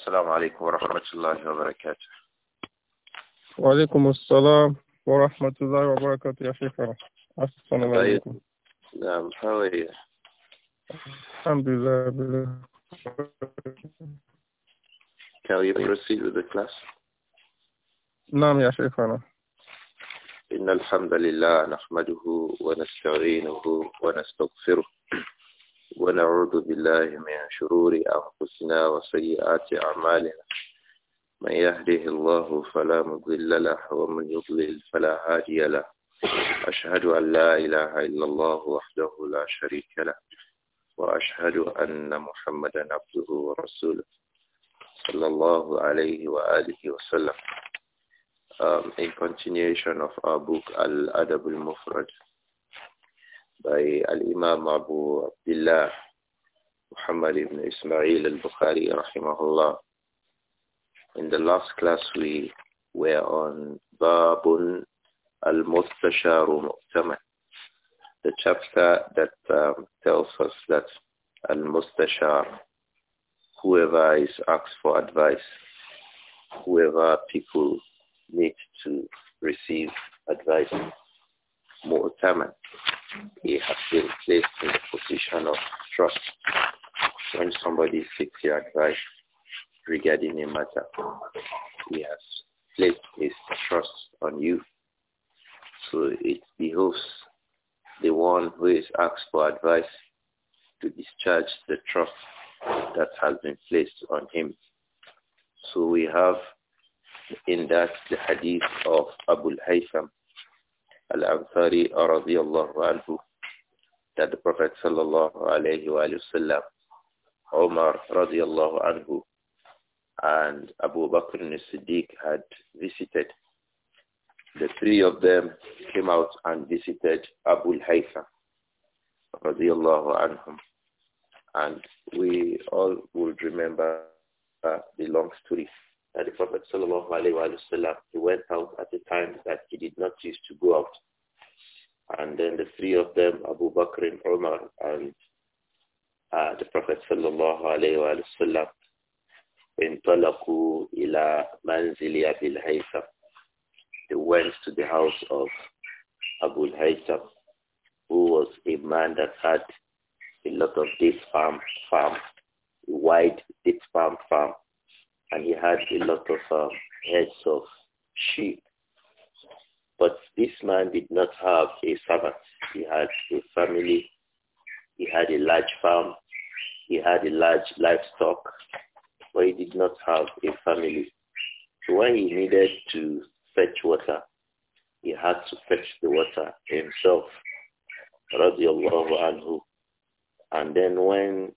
السلام عليكم ورحمة الله وبركاته وعليكم السلام ورحمة الله وبركاته يا شيخ السلام طيب. عليكم نعم how are الحمد لله Can we proceed with the class? نعم يا شيخنا إن الحمد لله نحمده ونستعينه ونستغفره ونعوذ بالله من شرور أنفسنا وسيئات أعمالنا من يهده الله فلا مضل له ومن يضلل فلا هادي له أشهد أن لا إله إلا الله وحده لا شريك له وأشهد أن محمدا عبده ورسوله صلى الله عليه وآله وسلم um, in continuation of our book Al-Adab al-Mufrad by Al-Imam Abu Abdullah Muhammad ibn Ismail al-Bukhari rahimahullah. In the last class we were on Babun al-Mustasharu Mu'taman, the chapter that um, tells us that al-Mustashar, whoever is asked for advice, whoever people need to receive advice mu'taman. He has been placed in a position of trust. When somebody seeks your advice regarding a matter, he has placed his trust on you. So it behoves the one who is asked for advice to discharge the trust that has been placed on him. So we have in that the hadith of Abu al-Haytham Al-Ansari anhu that the Prophet sallallahu alayhi wa sallam, Omar anhu, and Abu Bakr al-Siddiq had visited. The three of them came out and visited Abu al-Haytham radiallahu anhum. And we all would remember uh, the long story that the Prophet sallallahu alaihi wasallam he went out at a time that he did not choose to go out. And then the three of them, Abu Bakr and Umar and uh, the Prophet sallallahu alaihi wasallam, انطلقوا إلى منزل أبي Haytham. They went to the house of Abu haytham who was a man that had a lot of deep farm, farm, a wide deep farm farm and he had a lot of um, heads of sheep. But this man did not have a servant. He had a family. He had a large farm. He had a large livestock. But he did not have a family. So when he needed to fetch water, he had to fetch the water himself. Anhu. And then when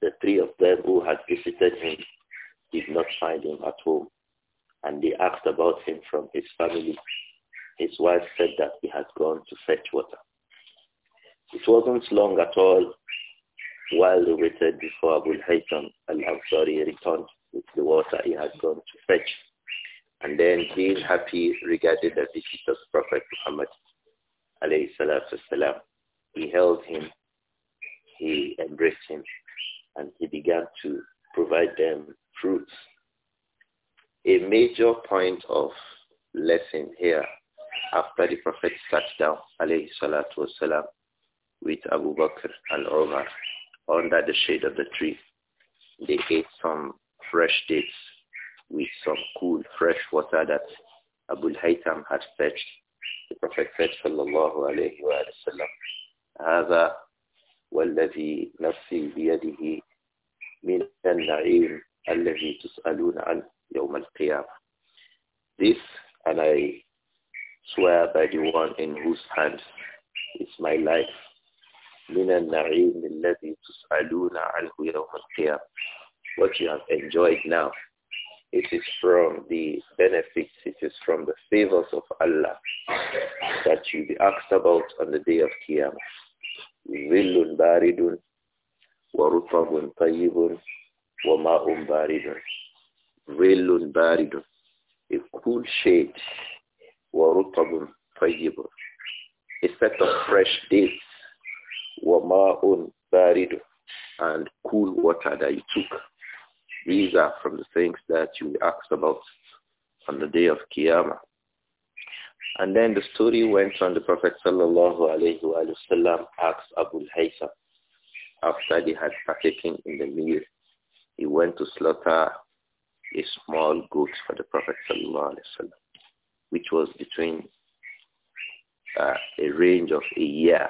the three of them who had visited him did not find him at home. And they asked about him from his family. His wife said that he had gone to fetch water. It wasn't long at all while they waited before Abu Haytham al-Ansari returned with the water he had gone to fetch. And then being happy regarding the visit of Prophet Muhammad He held him, he embraced him, and he began to provide them fruits. A major point of lesson here after the Prophet sat down, alayhi salatu wasalam, with Abu Bakr and Omar under the shade of the tree. They ate some fresh dates with some cool fresh water that Abu Haytham had fetched. The Prophet said, sallallahu alayhi wa sallam, هذا والذي نفسي بيده من النعيم الذي تسألون عنه يوم القيامة. This, and I swear by the one in whose hands is my life. من النعيم الذي تسألون عنه يوم القيامة. What you have enjoyed now, it is from the benefits, it is from the favors of Allah that you be asked about on the day of Qiyamah. ورطب طيب وماء بارد ظل بارد a cool shade ورطب طيب a set of fresh dates وماء بارد and cool water that you took these are from the things that you asked about on the day of Qiyamah and then the story went on the Prophet sallallahu alayhi wa sallam asked Abu al-Haytham after they had partaken in the meal, he went to slaughter a small goat for the Prophet which was between uh, a range of a year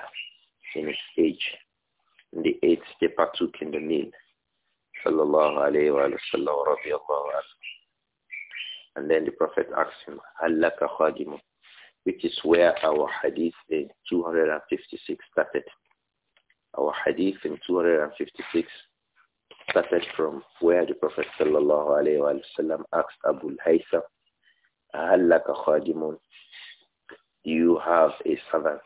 in its age. In the eighth they partook in the meal. Sallallahu alayhi wa sallam And then the Prophet asked him, Allaka khadimu, which is where our hadith in 256 started. Our hadith in 256 started from where the Prophet sallallahu alayhi wa sallam asked Abu al-Haytham, أَهَلَّكَ خَادِمٌ Do you have a servant?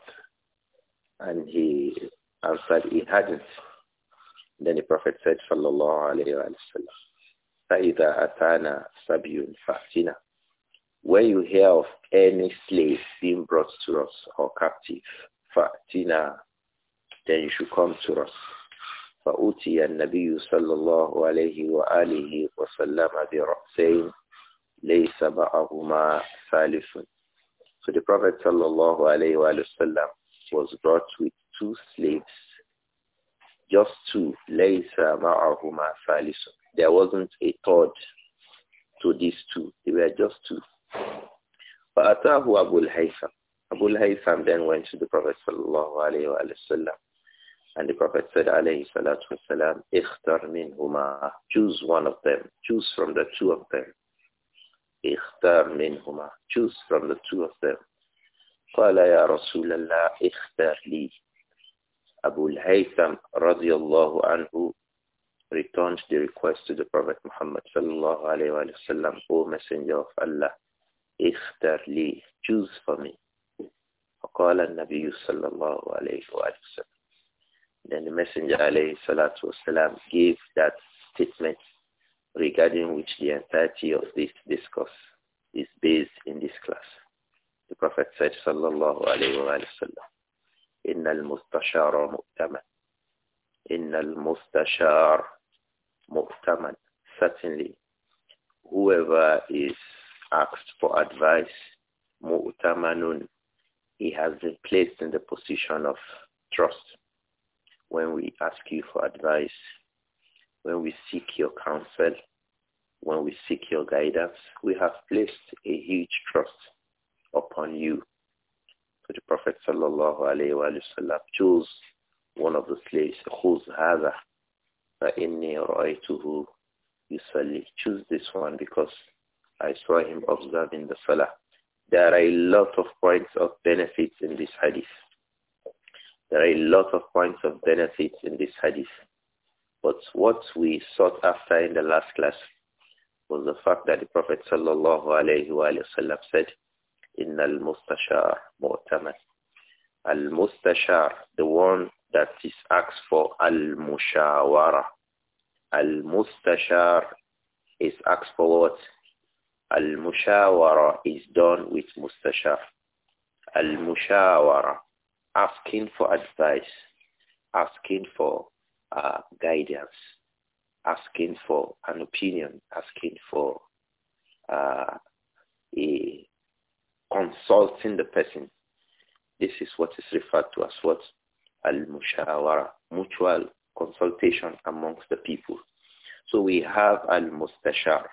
And he answered he hadn't. Then the Prophet said sallallahu alayhi wa sallam, فَإِذَا أَتَانَا سَبْيٌ فَأْتِنَا When you hear of any slave being brought to us or captive, فَأْتِنَا then you should come to us. النبي صلى الله عليه وآله وسلم برأسين ليس So the Prophet صلى was brought with two slaves, just two, ليس There wasn't a third to these two. They were just two. فأتاه أبو الهيثم. Abu Haytham then went to the Prophet sallallahu alayhi wa sallam and the Prophet said, alayhi salatu wasalam, اختر منهما. Choose one of them. Choose from the two of them. اختر منهما. Choose from the two of them. قال يا رسول الله اختر لي. Abu al-Haytham radiallahu anhu returned the request to the Prophet Muhammad sallallahu alayhi wa sallam, O Messenger of Allah, اختر لي. Choose for me. وقال النبي صلى الله عليه وسلم then the Messenger alayhi salatu wasalam gave that statement regarding which the entirety of this discourse is based in this class. The Prophet said sallallahu alayhi wa sallam, إن المستشار مؤتمن إن المستشار مؤتمن Certainly, whoever is asked for advice, mu'tamanun, he has been placed in the position of trust when we ask you for advice, when we seek your counsel, when we seek your guidance, we have placed a huge trust upon you. So the Prophet sallallahu alayhi wa sallam chose one of the slaves, خُذْ هَذَا فَإِنِّي رَأَيْتُهُ يُصَلِّي Choose this one because I saw him observing the Salah. There are a lot of points of benefits in this hadith. There are a lot of points of benefit in this hadith. But what we sought after in the last class was the fact that the Prophet sallallahu alayhi wa sallam said, ان مُؤْتَمَنْ Al-Mustashar, the one that is asked for Al-Mushawara. Al-Mustashar is asked for what? Al-Mushawara is done with Mustashar. Al-Mushawara asking for advice, asking for uh, guidance, asking for an opinion, asking for uh, a consulting the person. This is what is referred to as what al-mushawara, mutual consultation amongst the people. So we have al-mustashar,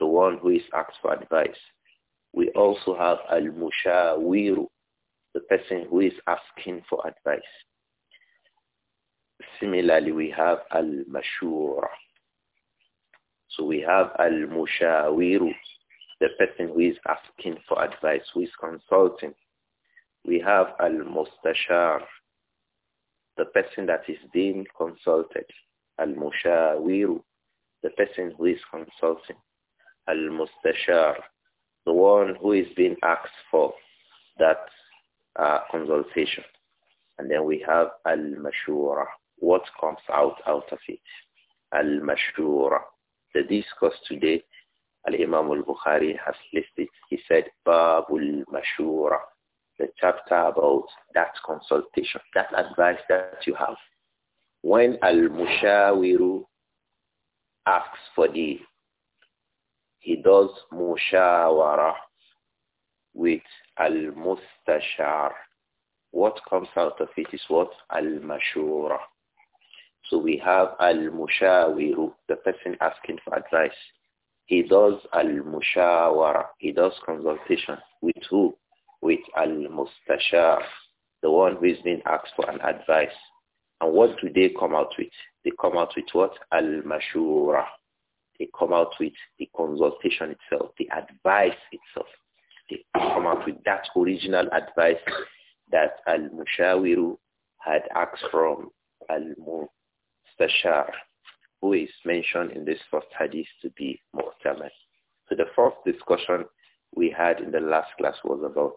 the one who is asked for advice. We also have al-mushawiru, the person who is asking for advice. Similarly, we have al-mashura. So we have al-mushawiru, the person who is asking for advice, who is consulting. We have al-mustashar, the person that is being consulted. Al-mushawiru, the person who is consulting. Al-mustashar, the one who is being asked for that uh, consultation. And then we have al-mashura, what comes out out of it. Al-mashura. The discourse today, Al-Imam al-Bukhari has listed, he said, Babul mashura, the chapter about that consultation, that advice that you have. When al-mushawiru asks for the, he does mushawara with al-mustashar. What comes out of it is what? Al-mashura. So we have al-mushawiru, the person asking for advice. He does al-mushawara. He does consultation. With who? With al-mustashar, the one who is being asked for an advice. And what do they come out with? They come out with what? Al-mashura. They come out with the consultation itself, the advice itself come up with that original advice that Al-Mushawiru had asked from Al-Mustashar, who is mentioned in this first hadith to be Mu'tamad. So the first discussion we had in the last class was about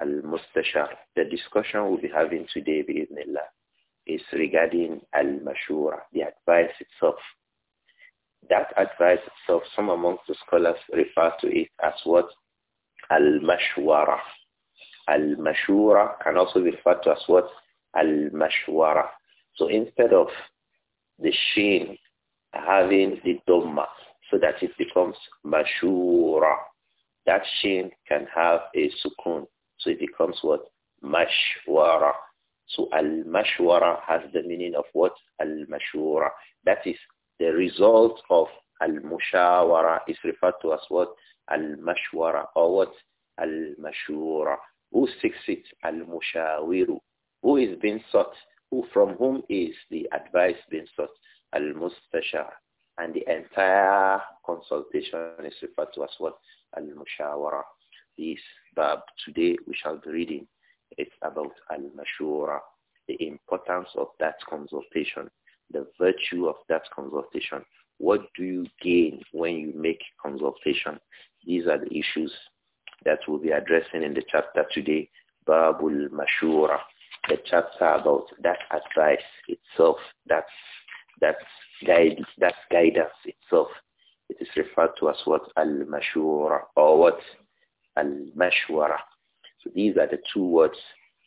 Al-Mustashar. The discussion we'll be having today, Bismillah, is regarding Al-Mashura, the advice itself. That advice itself, some amongst the scholars refer to it as what al-mashwara. al mashwara can also be referred to as what? Al-mashwara. So instead of the shin having the dhamma so that it becomes mashura, that shin can have a sukun. So it becomes what? Mashwara. So al-mashwara has the meaning of what? Al-mashura. That is the result of al-mushawara is referred to as what? al-mashwara or what? al Who seeks it? Al-mushawiru. Who is being sought? Who from whom is the advice being sought? Al-mustashar. And the entire consultation is referred to as what? Al-mushawara. This bab today we shall be reading. It's about al-mashura, the importance of that consultation, the virtue of that consultation. What do you gain when you make consultation? These are the issues that we'll be addressing in the chapter today, Babul Mashura, the chapter about that advice itself, that, that, guide, that guidance itself. It is referred to as what? Al-Mashura or what? Al-Mashwara. So these are the two words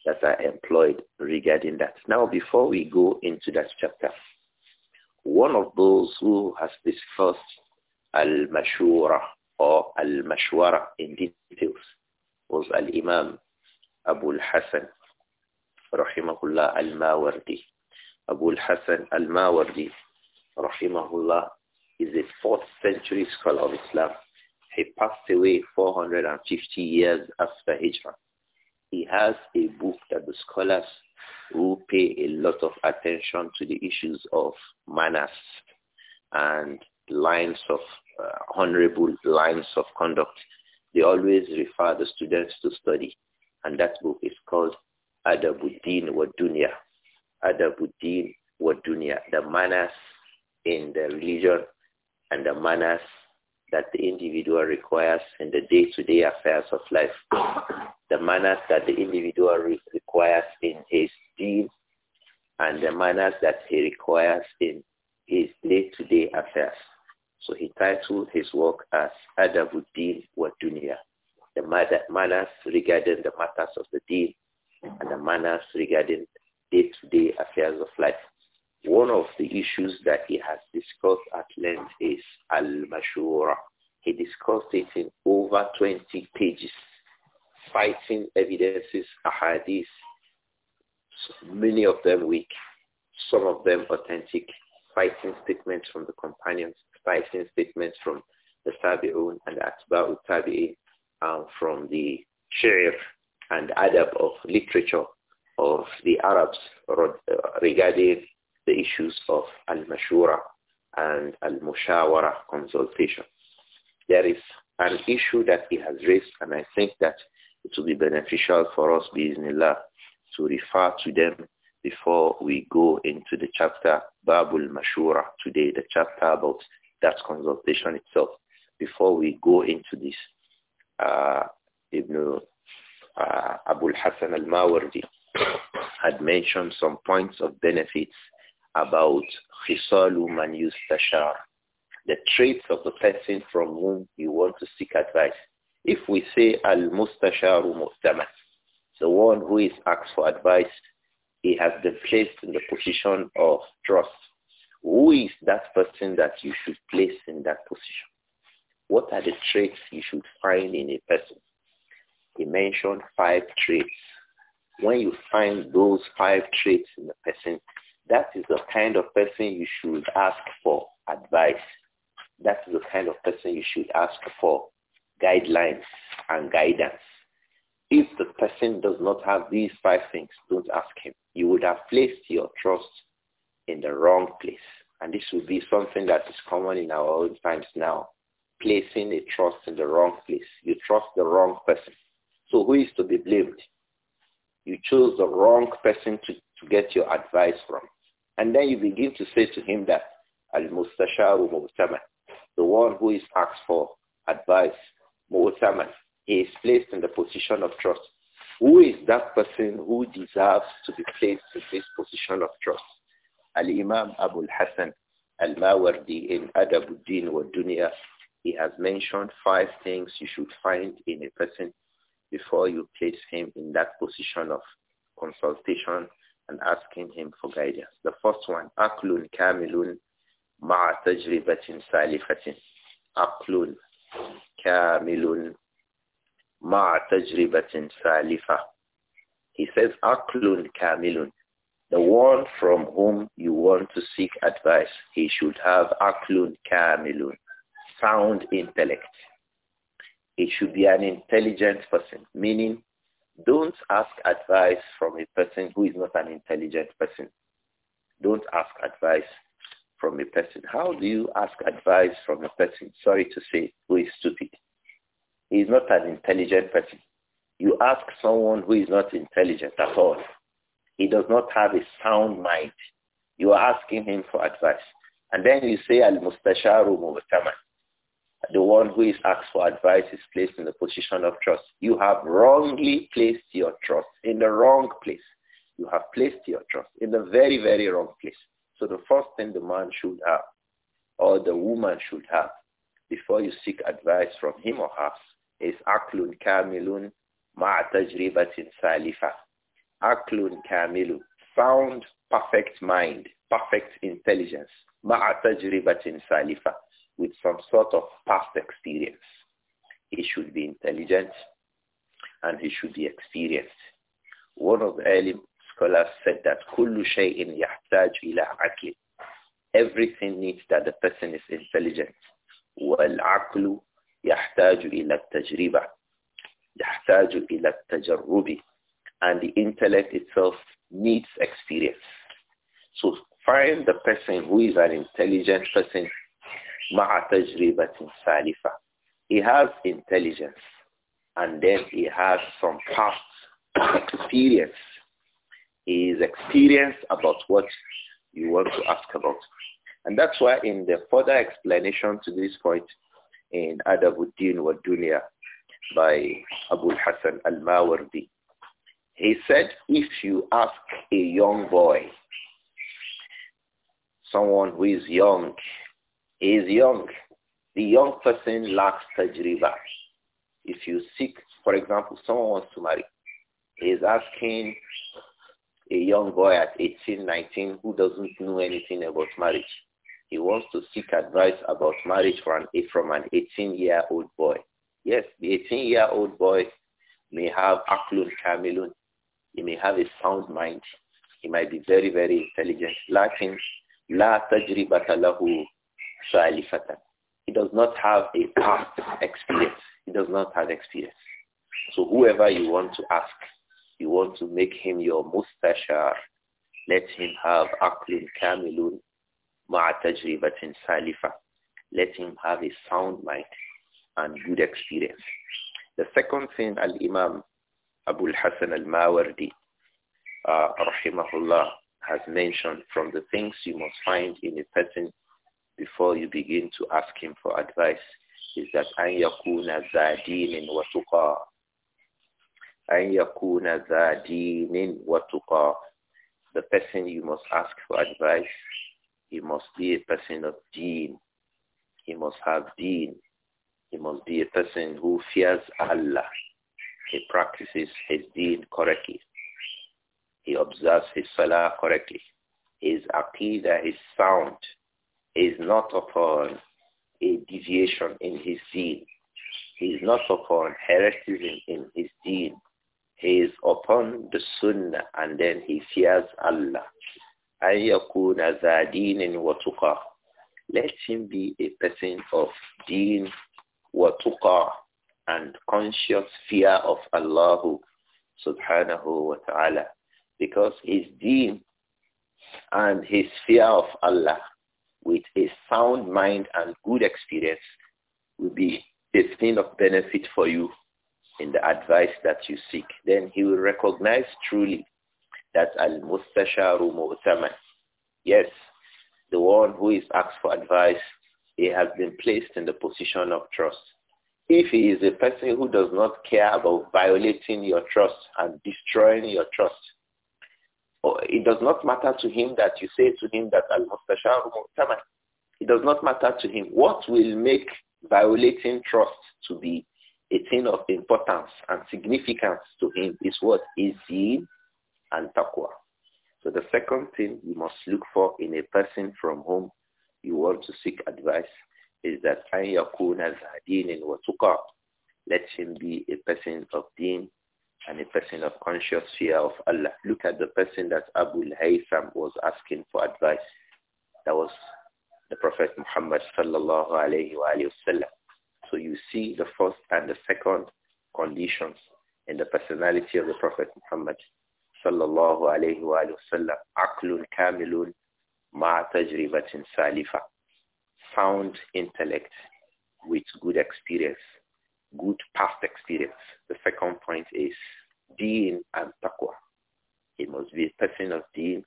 that are employed regarding that. Now, before we go into that chapter, one of those who has discussed al-mashura or al-mashwara in details was al-Imam Abu al-Hasan rahimahullah al-Mawardi. Abu al-Hasan al-Mawardi rahimahullah is a 4th century scholar of Islam. He passed away 450 years after Hijrah. He has a book that the scholars who pay a lot of attention to the issues of manners and lines of uh, honorable lines of conduct, they always refer the students to study. And that book is called Adabuddin wa Dunya. Adabuddin wa Dunya, the manners in the religion and the manners that the individual requires in the day-to-day affairs of life, the manners that the individual re requires in his deeds, and the manners that he requires in his day to -day affairs. So he titled his work as Adabuddin wa Dunya, the manners regarding the matters of the deen and the manners regarding day-to-day affairs of life. One of the issues that he has discussed at length is Al-Mashura. He discussed it in over 20 pages, citing evidences, ahadith, many of them weak, some of them authentic, citing statements from the companions, citing statements from the Tabi'un and Atba'u Tabi'in um, from the Shi'ir and Adab of literature of the Arabs uh, regarding the issues of Al-Mashura and Al-Mushawara consultation. There is an issue that he has raised and I think that it will be beneficial for us, Bismillah, to refer to them before we go into the chapter Babul Mashura today, the chapter about that consultation itself before we go into this. Uh, Ibn uh, Abul Hassan al-Mawardi had mentioned some points of benefits about khisalu man yustashar, the traits of the person from whom you want to seek advice. If we say al-mustasharu mu'taman, the one who is asked for advice, he has been placed in the position of trust. Who is that person that you should place in that position? What are the traits you should find in a person? He mentioned five traits. When you find those five traits in a person, that is the kind of person you should ask for advice. That is the kind of person you should ask for guidelines and guidance. If the person does not have these five things, don't ask him. You would have placed your trust in the wrong place. And this would be something that is common in our own times now, placing a trust in the wrong place. You trust the wrong person. So who is to be blamed? You chose the wrong person to, to get your advice from. And then you begin to say to him that, Al-Mustasharu Mu'taman, the one who is asked for advice, he is placed in the position of trust. Who is that person who deserves to be placed in this position of trust? Al-Imam Abu al-Hassan al-Mawardi in Din wa Dunya, he has mentioned five things you should find in a person before you place him in that position of consultation and asking him for guidance. The first one, Aklun Kamilun Ma'a Tajribatin Salifatin. Aklun Kamilun Ma'a Tajribatin Salifa. He says, Aklun Kamilun. The one from whom you want to seek advice, he should have aklun kamilun, sound intellect. He should be an intelligent person, meaning don't ask advice from a person who is not an intelligent person. Don't ask advice from a person. How do you ask advice from a person, sorry to say, who is stupid? He is not an intelligent person. You ask someone who is not intelligent at all. He does not have a sound mind. You are asking him for advice. And then you say al-mustasharu mu'taman. The one who is asked for advice is placed in the position of trust. You have wrongly placed your trust in the wrong place. You have placed your trust in the very, very wrong place. So the first thing the man should have or the woman should have before you seek advice from him or her is aklun kamilun ma'a salifa. Aklun kamilu. Sound, perfect mind, perfect intelligence. Ma'a salifa. With some sort of past experience. He should be intelligent and he should be experienced. One of the early scholars said that kullu shay'in yahtaj ila akli. Everything needs that the person is intelligent. وَالْعَقْلُ يَحْتَاجُ إِلَى التَّجْرِبَةِ يَحْتَاجُ إِلَى التَّجَرُّبِ and the intellect itself needs experience. So find the person who is an intelligent person, salifa. He has intelligence and then he has some past experience. He is experienced about what you want to ask about. And that's why in the further explanation to this point in Adabuddin wa Dunya by Abu Hassan al-Mawardi, he said, if you ask a young boy, someone who is young, he is young. The young person lacks tajriba. If you seek, for example, someone wants to marry, he is asking a young boy at 18, 19 who doesn't know anything about marriage. He wants to seek advice about marriage from an, from an 18-year-old boy. Yes, the 18-year-old boy may have aklun kamilun. He may have a sound mind. He might be very, very intelligent. Lakin, la tajribata lahu He does not have a past experience. He does not have experience. So whoever you want to ask, you want to make him your mustashar, let him have aklun kamilun ma'atajribatin salifa. Let him have a sound mind and good experience. The second thing Al-Imam Abu al-Hasan al-Mawardi, uh, rahimahullah, has mentioned from the things you must find in a person before you begin to ask him for advice is that أن يكون ذا دين وتقى أن يكون ذا دين وتقى The person you must ask for advice, he must be a person of deen. He must have deen. He must be a person who fears Allah. He practices his deen correctly. He observes his salah correctly. His aqidah is sound. He is not upon a deviation in his deen. He is not upon heresy in his deen. He is upon the sunnah and then he fears Allah. Let him be a person of deen وَتُقَى and conscious fear of Allah subhanahu wa ta'ala because his deen and his fear of Allah with a sound mind and good experience will be a thing of benefit for you in the advice that you seek. Then he will recognize truly that al-mustasharu mu'taman. Yes, the one who is asked for advice, he has been placed in the position of trust. If he is a person who does not care about violating your trust and destroying your trust, it does not matter to him that you say to him that al-mustashar It does not matter to him. What will make violating trust to be a thing of importance and significance to him is what is deen and taqwa. So the second thing you must look for in a person from whom you want to seek advice is that أن يكون ذا دين وتقى let him be a person of deen and a person of conscious fear of Allah. Look at the person that Abu Haytham was asking for advice. That was the Prophet Muhammad sallallahu alayhi wa sallam. So you see the first and the second conditions in the personality of the Prophet Muhammad sallallahu alayhi wa sallam. Aklun kamilun ma tajribatin sound intellect with good experience, good past experience. The second point is deen and taqwa. He must be a person of deen.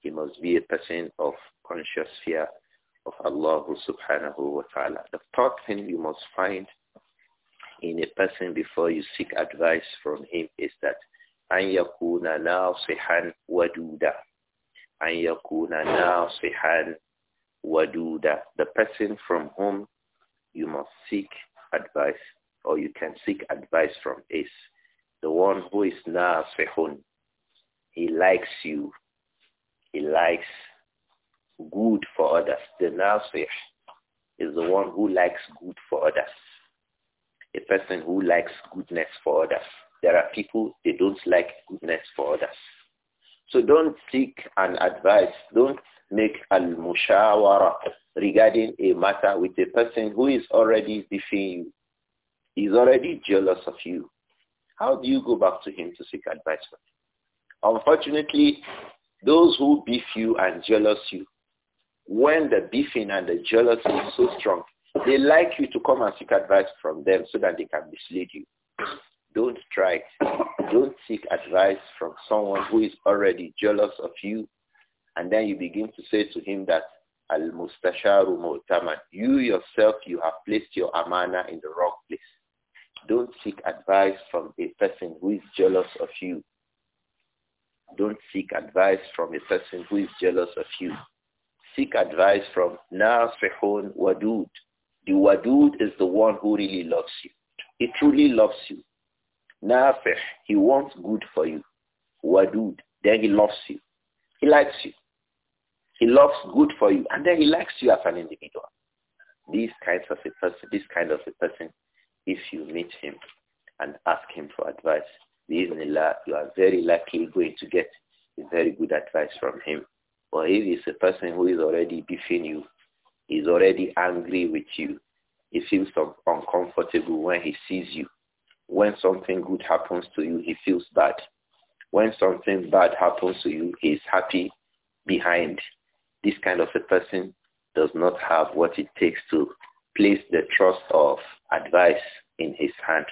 He must be a person of conscious fear of Allah subhanahu wa ta'ala. The third thing you must find in a person before you seek advice from him is that أن يكون ناصحا ودودا أن يكون ناصحا waduda, the person from whom you must seek advice or you can seek advice from is the one who is nasfehun. He likes you. He likes good for others. The nasfeh is the one who likes good for others. A person who likes goodness for others. There are people, they don't like goodness for others. So don't seek an advice. Don't make al-mushawara regarding a matter with a person who is already beefing you. is already jealous of you. How do you go back to him to seek advice from him? Unfortunately, those who beef you and jealous you, when the beefing and the jealousy is so strong, they like you to come and seek advice from them so that they can mislead you. Don't try it. Don't seek advice from someone who is already jealous of you and then you begin to say to him that, Al-Mustasharu Mu'taman, you yourself, you have placed your amana in the wrong place. Don't seek advice from a person who is jealous of you. Don't seek advice from a person who is jealous of you. Seek advice from Nasrihun Wadud. The Wadud is the one who really loves you. He truly loves you. Nafih, he wants good for you. Wadud, then he loves you. He likes you. He loves good for you, and then he likes you as an individual. These kinds of a person, this kind of a person, if you meet him and ask him for advice, Bismillah, you are very likely going to get very good advice from him. But if it's a person who is already beefing you, is already angry with you, he feels uncomfortable when he sees you. When something good happens to you, he feels bad. When something bad happens to you, he is happy behind. This kind of a person does not have what it takes to place the trust of advice in his hands.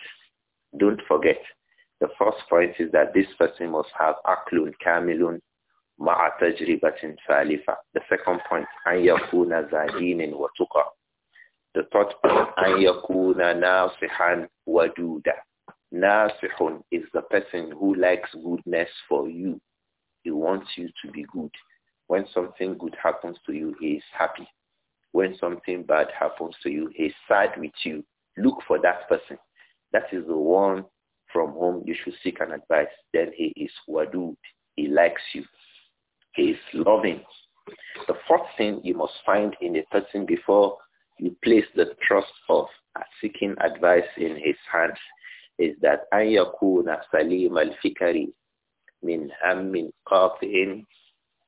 Don't forget, the first point is that this person must have aklun kamilun ma'a salifa. The second point, an yakuna zadinin wa The third point, an yakuna nasihan waduda. Nasihun is the person who likes goodness for you. He wants you to be good. When something good happens to you, he is happy. When something bad happens to you, he is sad with you. Look for that person. That is the one from whom you should seek an advice. Then he is wadud. He likes you. He is loving. The fourth thing you must find in a person before you place the trust of seeking advice in his hands is that أن يكون سليم الفكر من هم قاطع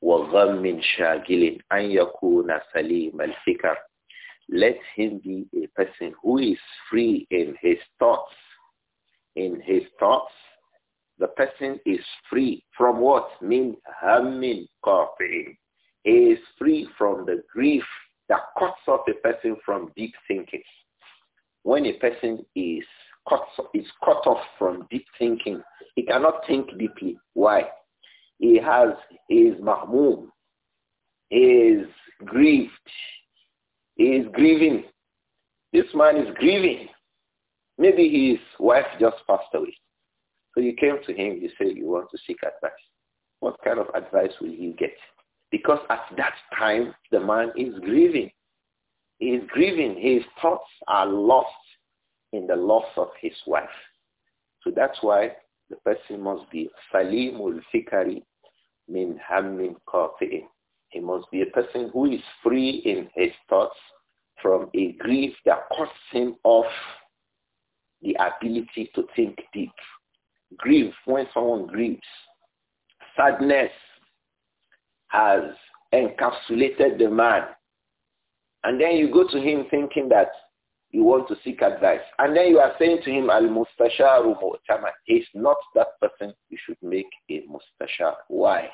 وَغَمٍ شَاغِلٍ أَنْ يَكُونَ سَلِيمَ الْفِكَرِ Let him be a person who is free in his thoughts. In his thoughts, the person is free from what? Min hammin qati'in. He is free from the grief that cuts off a person from deep thinking. When a person is cut, is cut off from deep thinking, he cannot think deeply. Why? He has his mahmum, is grieved, he is grieving. This man is grieving. Maybe his wife just passed away. So you came to him, you say you want to seek advice. What kind of advice will you get? Because at that time, the man is grieving. He is grieving. His thoughts are lost in the loss of his wife. So that's why the person must be salimul fikari min hammin qafi'in. He must be a person who is free in his thoughts from a grief that cuts him off the ability to think deep. Grief, when someone grieves, sadness has encapsulated the man. And then you go to him thinking that you want to seek advice. And then you are saying to him, Al-Mustasharu He He's not that person you should make a mustashar. Why?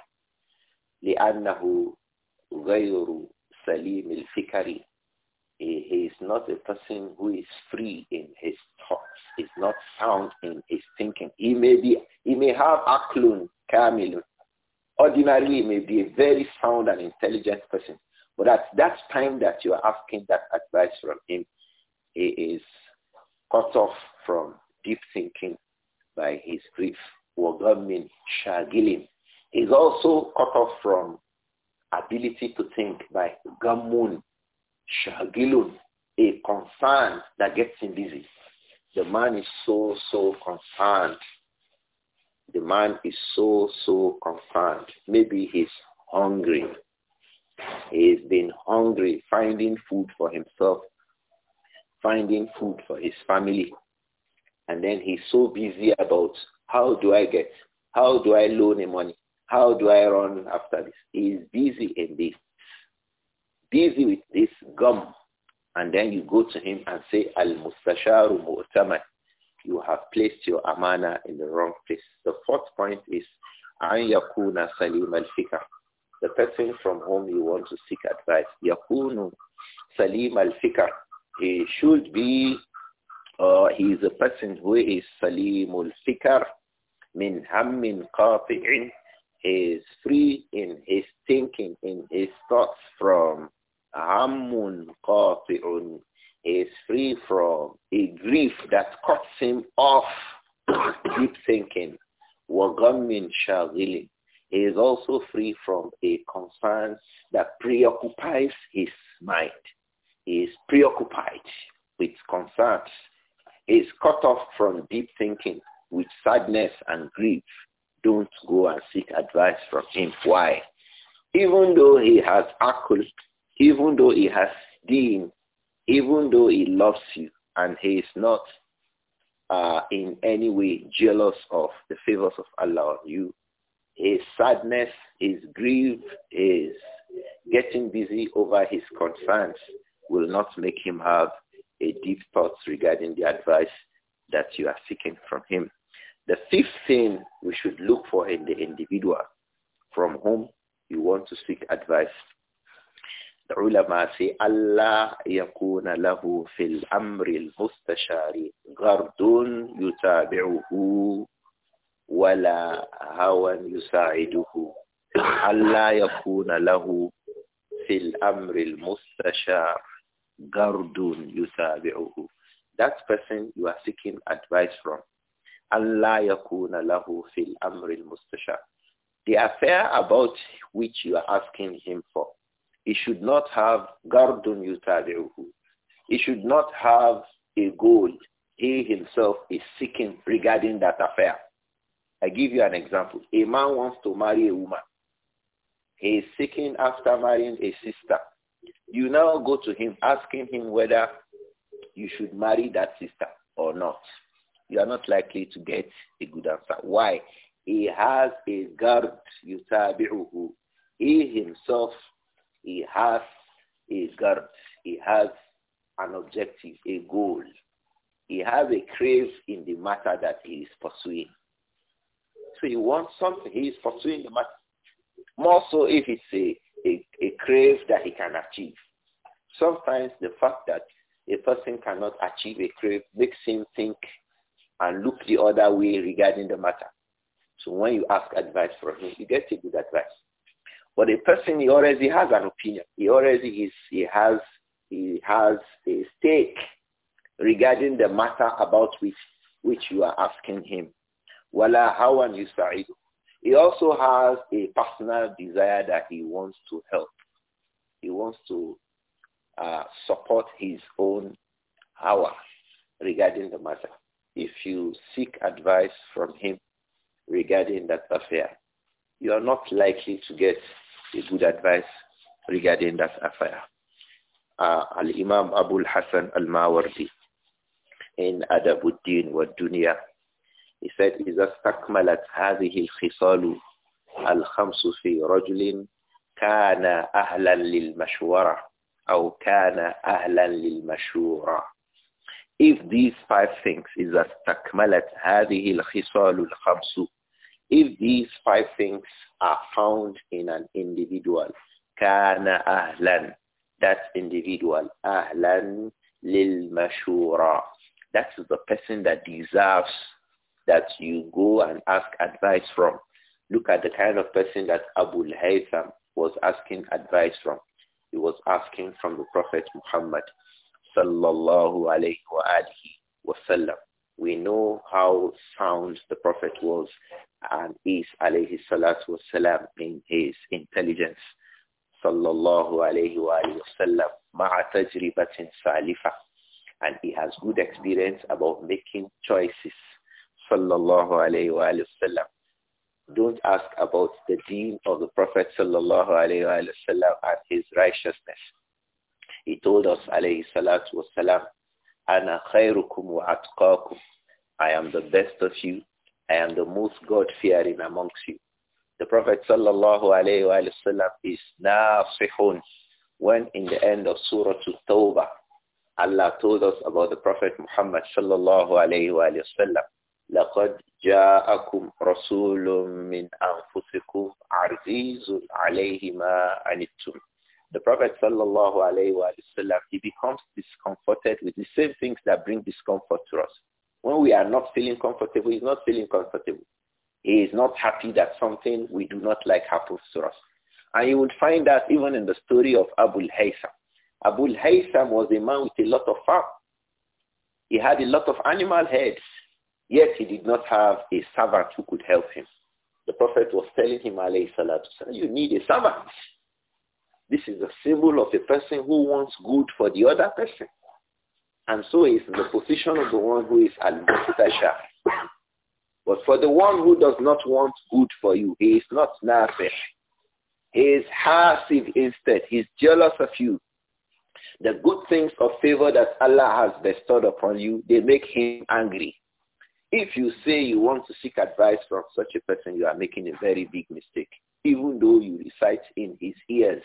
لأنه غير سليم الْفِكْرِ. He, he is not a person who is free in his thoughts. He's not sound in his thinking. He may be, he may have aklun, kamilun. Ordinarily, he may be a very sound and intelligent person. But at that time that you are asking that advice from him, he is cut off from deep thinking by his grief. Wagamin shagilim. He's also cut off from ability to think by gamun shagilun, a concern that gets him busy. The man is so, so concerned. The man is so, so concerned. Maybe he's hungry. He's been hungry, finding food for himself finding food for his family. And then he's so busy about how do I get, how do I loan him money, how do I run after this. He's busy in this, busy with this gum. And then you go to him and say, Al-Mustasharu Mu'taman. You have placed your amana in the wrong place. The fourth point is, An yakuna salim al The person from whom you want to seek advice. Yakunu salim al he should be, uh, he is a person who is salimul fikr min hammin qati'in. He is free in his thinking, in his thoughts from hammun qati'un. He is free from a grief that cuts him off deep thinking. وَغَمٍّ شَاغِلٍ he is also free from a concern that preoccupies his mind is preoccupied with concerns, is cut off from deep thinking with sadness and grief, don't go and seek advice from him. Why? Even though he has akul, even though he has deen, even though he loves you and he is not uh, in any way jealous of the favors of Allah on you, his sadness, his grief, is getting busy over his concerns will not make him have a deep thoughts regarding the advice that you are seeking from him. The fifth thing we should look for in the individual from whom you want to seek advice. The ulama say, Allah yakuna lahu fil amri al-mustashari gardun yutabi'uhu wala hawan yusa'iduhu. Allah yakuna lahu fil amri al-mustashari Gardun yusabi'uhu. That person you are seeking advice from. Allah yakuna lahu fil amril Mustasha. The affair about which you are asking him for, he should not have gardun yutabi'uhu. He should not have a goal he himself is seeking regarding that affair. I give you an example. A man wants to marry a woman. He is seeking after marrying a sister you now go to him asking him whether you should marry that sister or not. You are not likely to get a good answer. Why? He has a guard, yutabi'uhu. He himself, he has a guard. He has an objective, a goal. He has a crave in the matter that he is pursuing. So he wants something. He is pursuing the matter. More so if it's a a, a crave that he can achieve. Sometimes the fact that a person cannot achieve a crave makes him think and look the other way regarding the matter. So when you ask advice from him, you get a good advice. But a person he already has an opinion. He already is he has he has a stake regarding the matter about which which you are asking him. Wala hawan yusa'idu. He also has a personal desire that he wants to help. He wants to uh, support his own hour regarding the matter. If you seek advice from him regarding that affair, you are not likely to get a good advice regarding that affair. Uh, Al-Imam Abu al-Hassan al-Mawardi in Adabuddin wa Dunya He said, إِذَا اسْتَكْمَلَتْ هَذِهِ الْخِصَالُ الْخَمْسُ فِي رَجُلٍ كَانَ أَهْلًا لِلْمَشْوَرَةِ أَوْ كَانَ أَهْلًا لِلْمَشُورَةِ If these five things, إِذَا اسْتَكْمَلَتْ هَذِهِ الْخِصَالُ الْخَمْسُ If these five things are found in an individual, كَانَ أَهْلًا That individual, أَهْلًا لِلْمَشُورَةِ That's the person that deserves that you go and ask advice from. Look at the kind of person that Abu haytham was asking advice from. He was asking from the Prophet Muhammad sallallahu alayhi wa alihi wasallam. We know how sound the Prophet was and is alayhi salatu wasallam in his intelligence sallallahu alayhi wa wasallam ma'a tajribatin salifa. And he has good experience about making choices sallallahu alayhi wa sallam. Don't ask about the deen of the Prophet sallallahu alayhi wa sallam and his righteousness. He told us alayhi salatu wa salam, Ana wa atqakum. I am the best of you. I am the most God-fearing amongst you. The Prophet sallallahu alayhi wa sallam is nasihun. When in the end of Surah Tawbah, Allah told us about the Prophet Muhammad sallallahu alayhi wa sallam لقد جاءكم رسول من أنفسكم عزيز عليه ما the Prophet sallallahu alayhi wa sallam, he becomes discomforted with the same things that bring discomfort to us. When we are not feeling comfortable, he's not feeling comfortable. He is not happy that something we do not like happens to us. And you will find that even in the story of Abu al-Haytham. Abu al-Haytham was a man with a lot of farm. He had a lot of animal heads. Yet he did not have a servant who could help him. The Prophet was telling him, you need a servant. This is a symbol of a person who wants good for the other person. And so is the position of the one who is al-mustashar. But for the one who does not want good for you, he is not nafih. He is hasib instead. He is jealous of you. The good things of favor that Allah has bestowed upon you, they make him angry. If you say you want to seek advice from such a person, you are making a very big mistake, even though you recite in his ears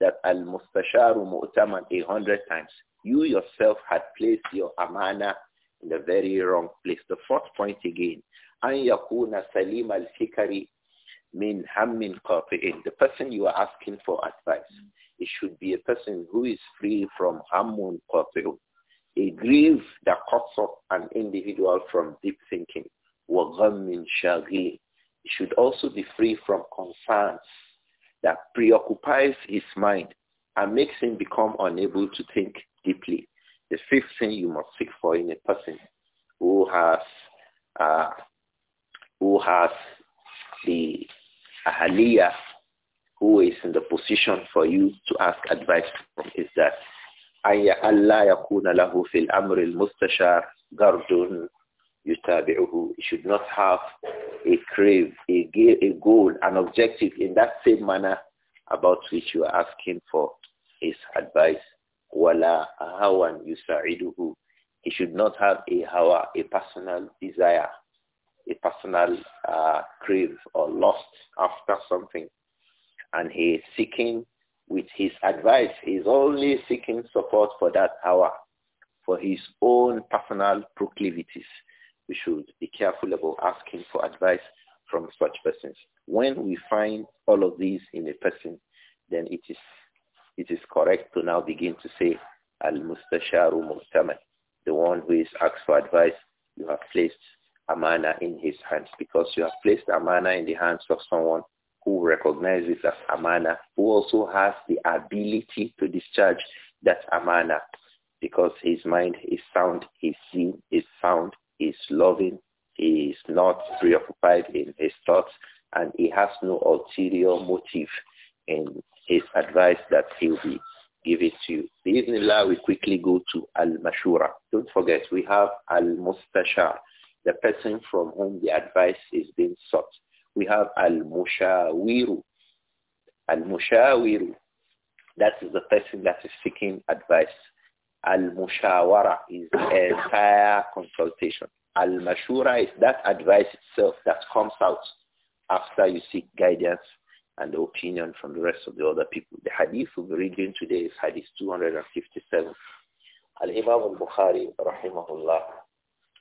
that al-mustasharu mu'taman a hundred times. You yourself had placed your amana in the very wrong place. The fourth point again, an yakuna salim al-fikari min hammin qafi'in. The person you are asking for advice, it should be a person who is free from hammun qafi'un a grief that cuts off an individual from deep thinking. وَغَمٍ شَاغِلٍ He should also be free from concerns that preoccupies his mind and makes him become unable to think deeply. The fifth thing you must seek for in a person who has uh, who has the ahaliya, who is in the position for you to ask advice from is that ألا يكون له في الأمر المستشار يتابعه He should not have a crave, a, a goal, an objective in that same manner about which you are asking for his advice. ولا هوى يساعده He should not have a hawa, a personal desire, a personal uh, crave or lust after something. And he is seeking with his advice. He's only seeking support for that hour, for his own personal proclivities. We should be careful about asking for advice from such persons. When we find all of these in a person, then it is, it is correct to now begin to say, Al-Mustasharu the one who is asked for advice, you have placed Amana in his hands because you have placed Amana in the hands of someone who recognizes as amana, who also has the ability to discharge that amana because his mind is sound, his seen is sound, is loving, he is not preoccupied in his thoughts, and he has no ulterior motive in his advice that he will be giving to you. Bismillah, we quickly go to Al-Mashura. Don't forget, we have Al-Mustashar, the person from whom the advice is being sought we have al-mushawiru. Al-mushawiru. That is the person that is seeking advice. Al-mushawara is entire consultation. Al-mashura is that advice itself that comes out after you seek guidance and opinion from the rest of the other people. The hadith we'll be reading today is hadith 257. Al-Imam al-Bukhari, rahimahullah,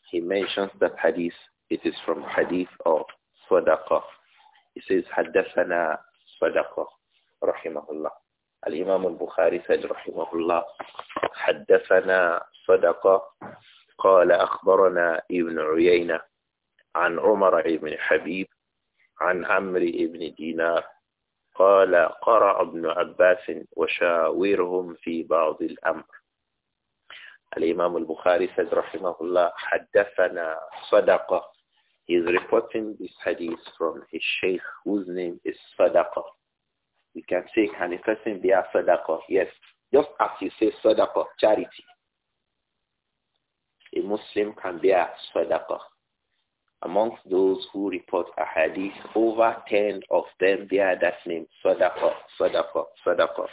he mentions that hadith. It is from hadith of صدقة. He says, حدثنا صدقة. رحمه الله. الإمام البخاري سيد رحمه الله حدثنا صدقة قال أخبرنا ابن عيينة عن عمر بن حبيب عن عمرو بن دينار قال قرأ ابن عباس وشاورهم في بعض الأمر الإمام البخاري سيد رحمه الله حدثنا صدقة He is reporting this hadith from a sheikh whose name is Sadaqah. You can say, can a person be a Sadaqah? Yes. Just as you say Sadaqah, charity. A Muslim can be a Sadaqah. Amongst those who report a hadith, over 10 of them bear that name, Sadaqah, Sadaqah, Sadaqah.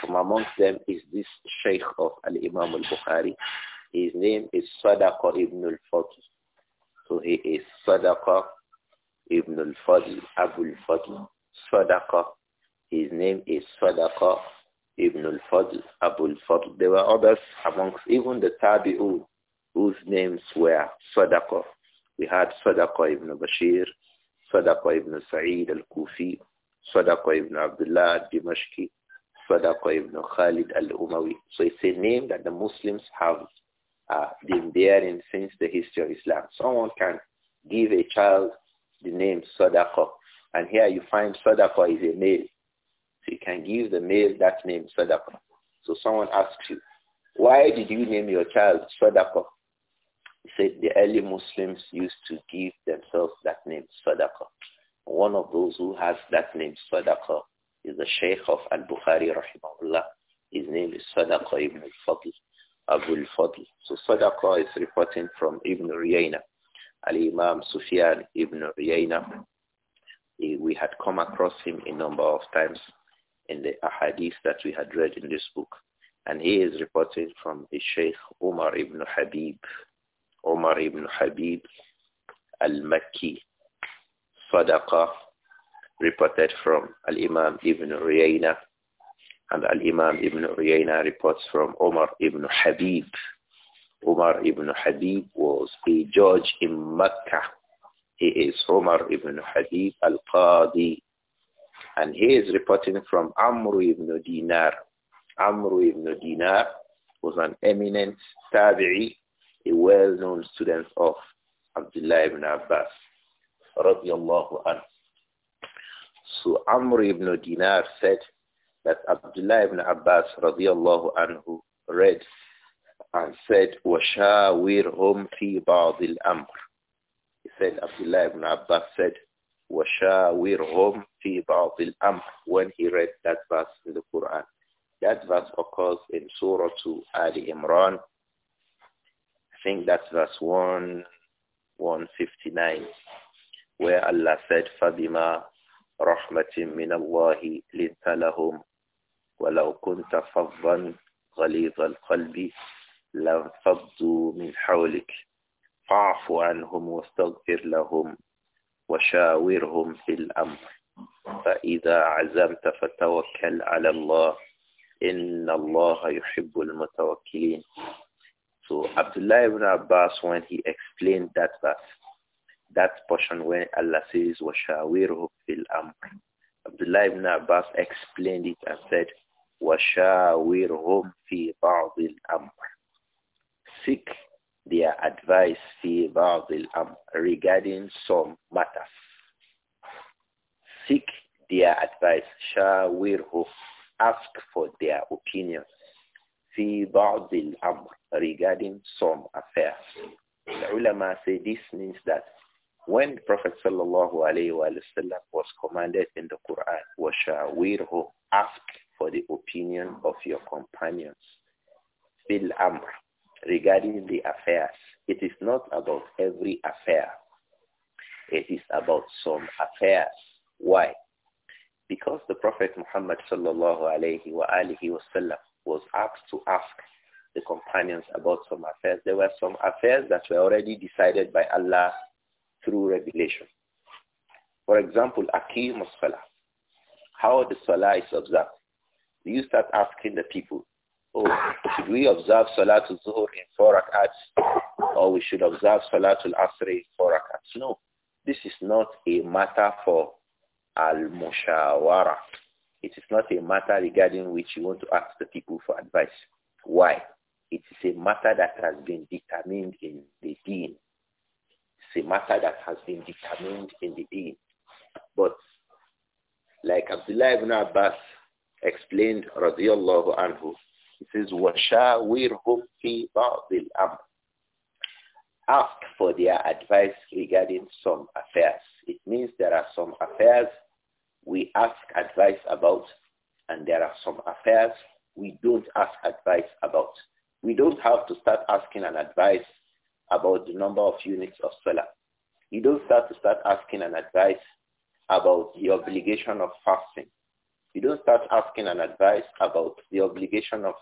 From amongst them is this sheikh of Al-Imam al-Bukhari. His name is Sadaqah ibn al-Fatih. So he is Sadaqa Ibn al-Fadl, Abu al-Fadl, Sadaqa. His name is Sadaqa Ibn al-Fadl, Abu al-Fadl. There were others amongst even the Tabi'un whose names were Sadaqa. We had Sadaqa Ibn Bashir, Sadaqa Ibn Sa'id al-Kufi, Sadaqa Ibn Abdullah al-Dimashqi, Sadaqa Ibn Khalid al-Umawi. So it's a name that the Muslims have been uh, bearing since the history of Islam. Someone can give a child the name Sadaqah. And here you find Sadaqah is a male. So you can give the male that name Sadaqah. So someone asks you, why did you name your child Sadaqah? He said the early Muslims used to give themselves that name Sadaqah. One of those who has that name Sadaqah is the Sheikh of Al-Bukhari, rahimahullah. His name is Sadaqah ibn al-Fadl. Abu al-Fadl. So Sadaqa is reporting from Ibn Uyayna. Al-Imam Sufyan Ibn Uyayna. We had come across him a number of times in the ahadith that we had read in this book. And he is reporting from the Sheikh Umar ibn Habib. Umar ibn Habib al-Makki. Sadaqa reported from Al-Imam Ibn Uyayna and Al-Imam Ibn Uyayna reports from Omar Ibn Habib. Omar Ibn Habib was a judge in Mecca. He is Omar Ibn Habib Al-Qadi. And he is reporting from Amr Ibn Dinar. Amr Ibn Dinar was an eminent tabi'i, a well-known student of Abdullah Ibn Abbas. So Amr Ibn Dinar said, that Abdullah ibn Abbas radiallahu anhu read and said, وَشَاوِرْهُمْ فِي بَعْضِ الْأَمْرِ He said, Abdullah ibn Abbas said, وَشَاوِرْهُمْ فِي بَعْضِ الْأَمْرِ when he read that verse in the Quran. That verse occurs in Surah 2 Ali Imran. I think that's verse 1, 159 where Allah said, فَبِمَا رَحْمَةٍ مِّنَ اللَّهِ لِنْتَ لَهُمْ ولو كنت فظا غليظ القلب لانفضوا من حولك فاعف عنهم واستغفر لهم وشاورهم في الأمر فإذا عزمت فتوكل على الله إن الله يحب المتوكلين So Abdullah ibn Abbas, when he explained that verse, that portion when Allah says, وَشَاوِرْهُ فِي الْأَمْرِ Abdullah ibn Abbas explained it and said, وَشَاوِرْهُمْ فِي Seek their advice regarding some matters. Seek their advice. Ask for their opinions. regarding some affairs. The ulama say this means that when the Prophet sallallahu wa was commanded in the Quran, وَشَاوِرْهُمْ Ask for the opinion of your companions. Bil amr, regarding the affairs. It is not about every affair. It is about some affairs. Why? Because the Prophet Muhammad sallallahu alayhi wa alihi wasallam was asked to ask the companions about some affairs. There were some affairs that were already decided by Allah through revelation. For example, Akim Salah. How the Salah is observed you start asking the people, oh, should we observe Salatul Zuhur in four rakats or we should observe Salatul Asr in four rakats? No, this is not a matter for al-mushawara. It is not a matter regarding which you want to ask the people for advice. Why? It is a matter that has been determined in the deen. It's a matter that has been determined in the deen. But like Abdullah ibn Abbas explained radiallahu anhu. He says, وَشَاوِرْهُمْ فِي بَعْضِ الْأَمْرِ Ask for their advice regarding some affairs. It means there are some affairs we ask advice about and there are some affairs we don't ask advice about. We don't have to start asking an advice about the number of units of solar. You don't start to start asking an advice about the obligation of fasting. You don't start asking an advice about the obligation of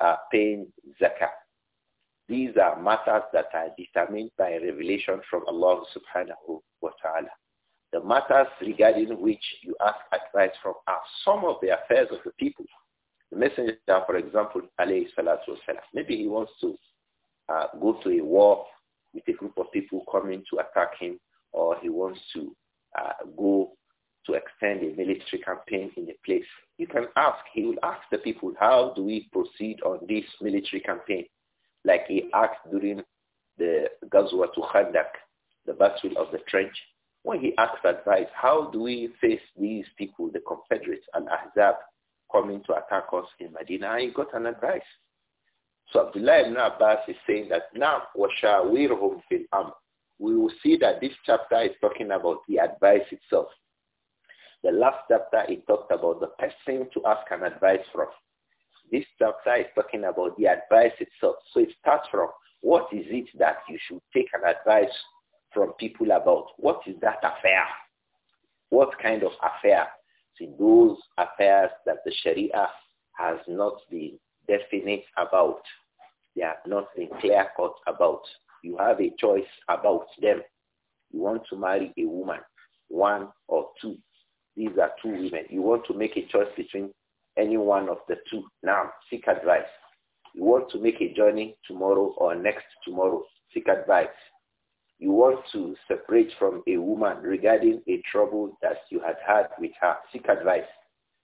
uh, paying zakat. These are matters that are determined by revelation from Allah subhanahu wa ta'ala. The matters regarding which you ask advice from are some of the affairs of the people. The messenger, for example, alayhi salatu wasalam, maybe he wants to uh, go to a war with a group of people coming to attack him, or he wants to uh, go to extend a military campaign in a place. You can ask, he will ask the people, how do we proceed on this military campaign? Like he asked during the Ghazwa to Khandak, the battle of the trench. When he asked advice, how do we face these people, the Confederates and Ahzab, coming to attack us in Medina? And he got an advice. So Abdullah ibn Abbas is saying that now, we will see that this chapter is talking about the advice itself. The last chapter, it talked about the person to ask an advice from. This chapter is talking about the advice itself. So it starts from what is it that you should take an advice from people about? What is that affair? What kind of affair? See, those affairs that the Sharia has not been definite about. They have not been clear-cut about. You have a choice about them. You want to marry a woman, one or two. These are two women. You want to make a choice between any one of the two. Now, seek advice. You want to make a journey tomorrow or next tomorrow. Seek advice. You want to separate from a woman regarding a trouble that you had had with her. Seek advice.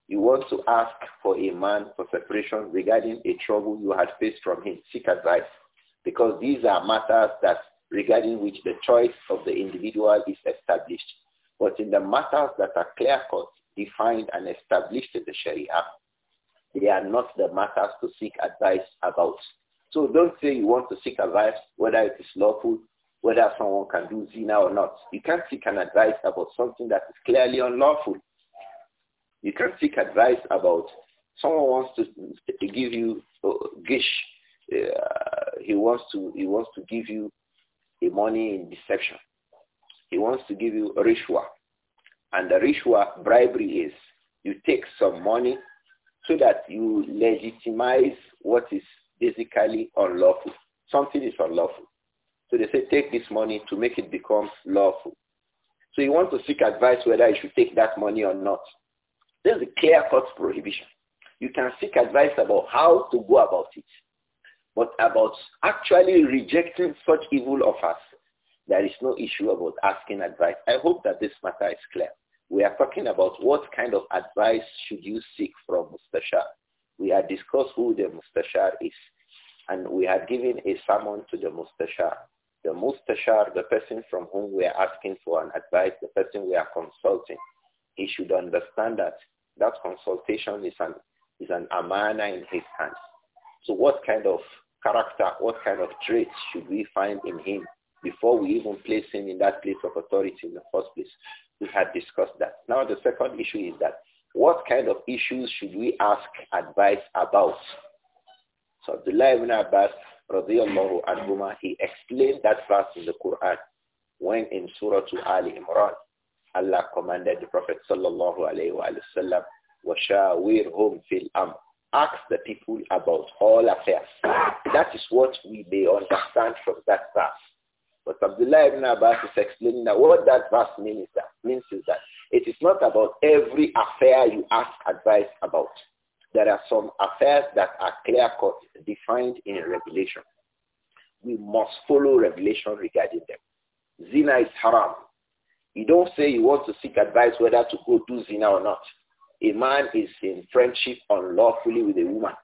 You want to ask for a man for separation regarding a trouble you had faced from him. Seek advice. Because these are matters that regarding which the choice of the individual is established. But in the matters that are clear-cut, defined and established in the Sharia, they are not the matters to seek advice about. So don't say you want to seek advice whether it is lawful, whether someone can do zina or not. You can't seek an advice about something that is clearly unlawful. You can't seek advice about someone wants to, give you uh, gish. Uh, he wants to he wants to give you a money in deception. He wants to give you rishwa. And the rishwa bribery is you take some money so that you legitimize what is basically unlawful. Something is unlawful. So they say take this money to make it become lawful. So you want to seek advice whether you should take that money or not. There's a clear-cut prohibition. You can seek advice about how to go about it. But about actually rejecting such evil offers, there is no issue about asking advice. I hope that this matter is clear. We are talking about what kind of advice should you seek from Mustashar. We had discussed who the Mustashar is, and we had given a summons to the Mustashar. The Mustashar, the person from whom we are asking for an advice, the person we are consulting, he should understand that that consultation is an, is an amana in his hands. So what kind of character, what kind of traits should we find in him before we even place him in that place of authority in the first place. We had discussed that. Now the second issue is that what kind of issues should we ask advice about? So Abdullah ibn Abbas, radiallahu anhuma, he explained that verse in the Quran when in Surah to Ali Imran, Allah commanded the Prophet sallallahu alayhi wa sallam, fil am. Ask the people about all affairs. That is what we may understand from that verse. But Abdullah ibn Abbas is explaining that what that verse means, that means is that it is not about every affair you ask advice about. There are some affairs that are clear-cut, defined in regulation. We must follow regulation regarding them. Zina is haram. You don't say you want to seek advice whether to go do zina or not. A man is in friendship unlawfully with a woman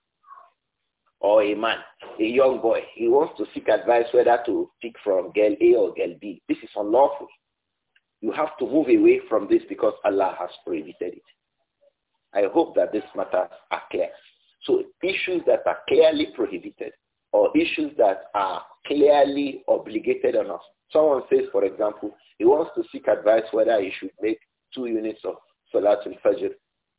or a man, a young boy, he wants to seek advice whether to pick from girl A or girl B. This is unlawful. You have to move away from this because Allah has prohibited it. I hope that these matters are clear. So issues that are clearly prohibited or issues that are clearly obligated on us. Someone says, for example, he wants to seek advice whether he should make two units of Salatul Fajr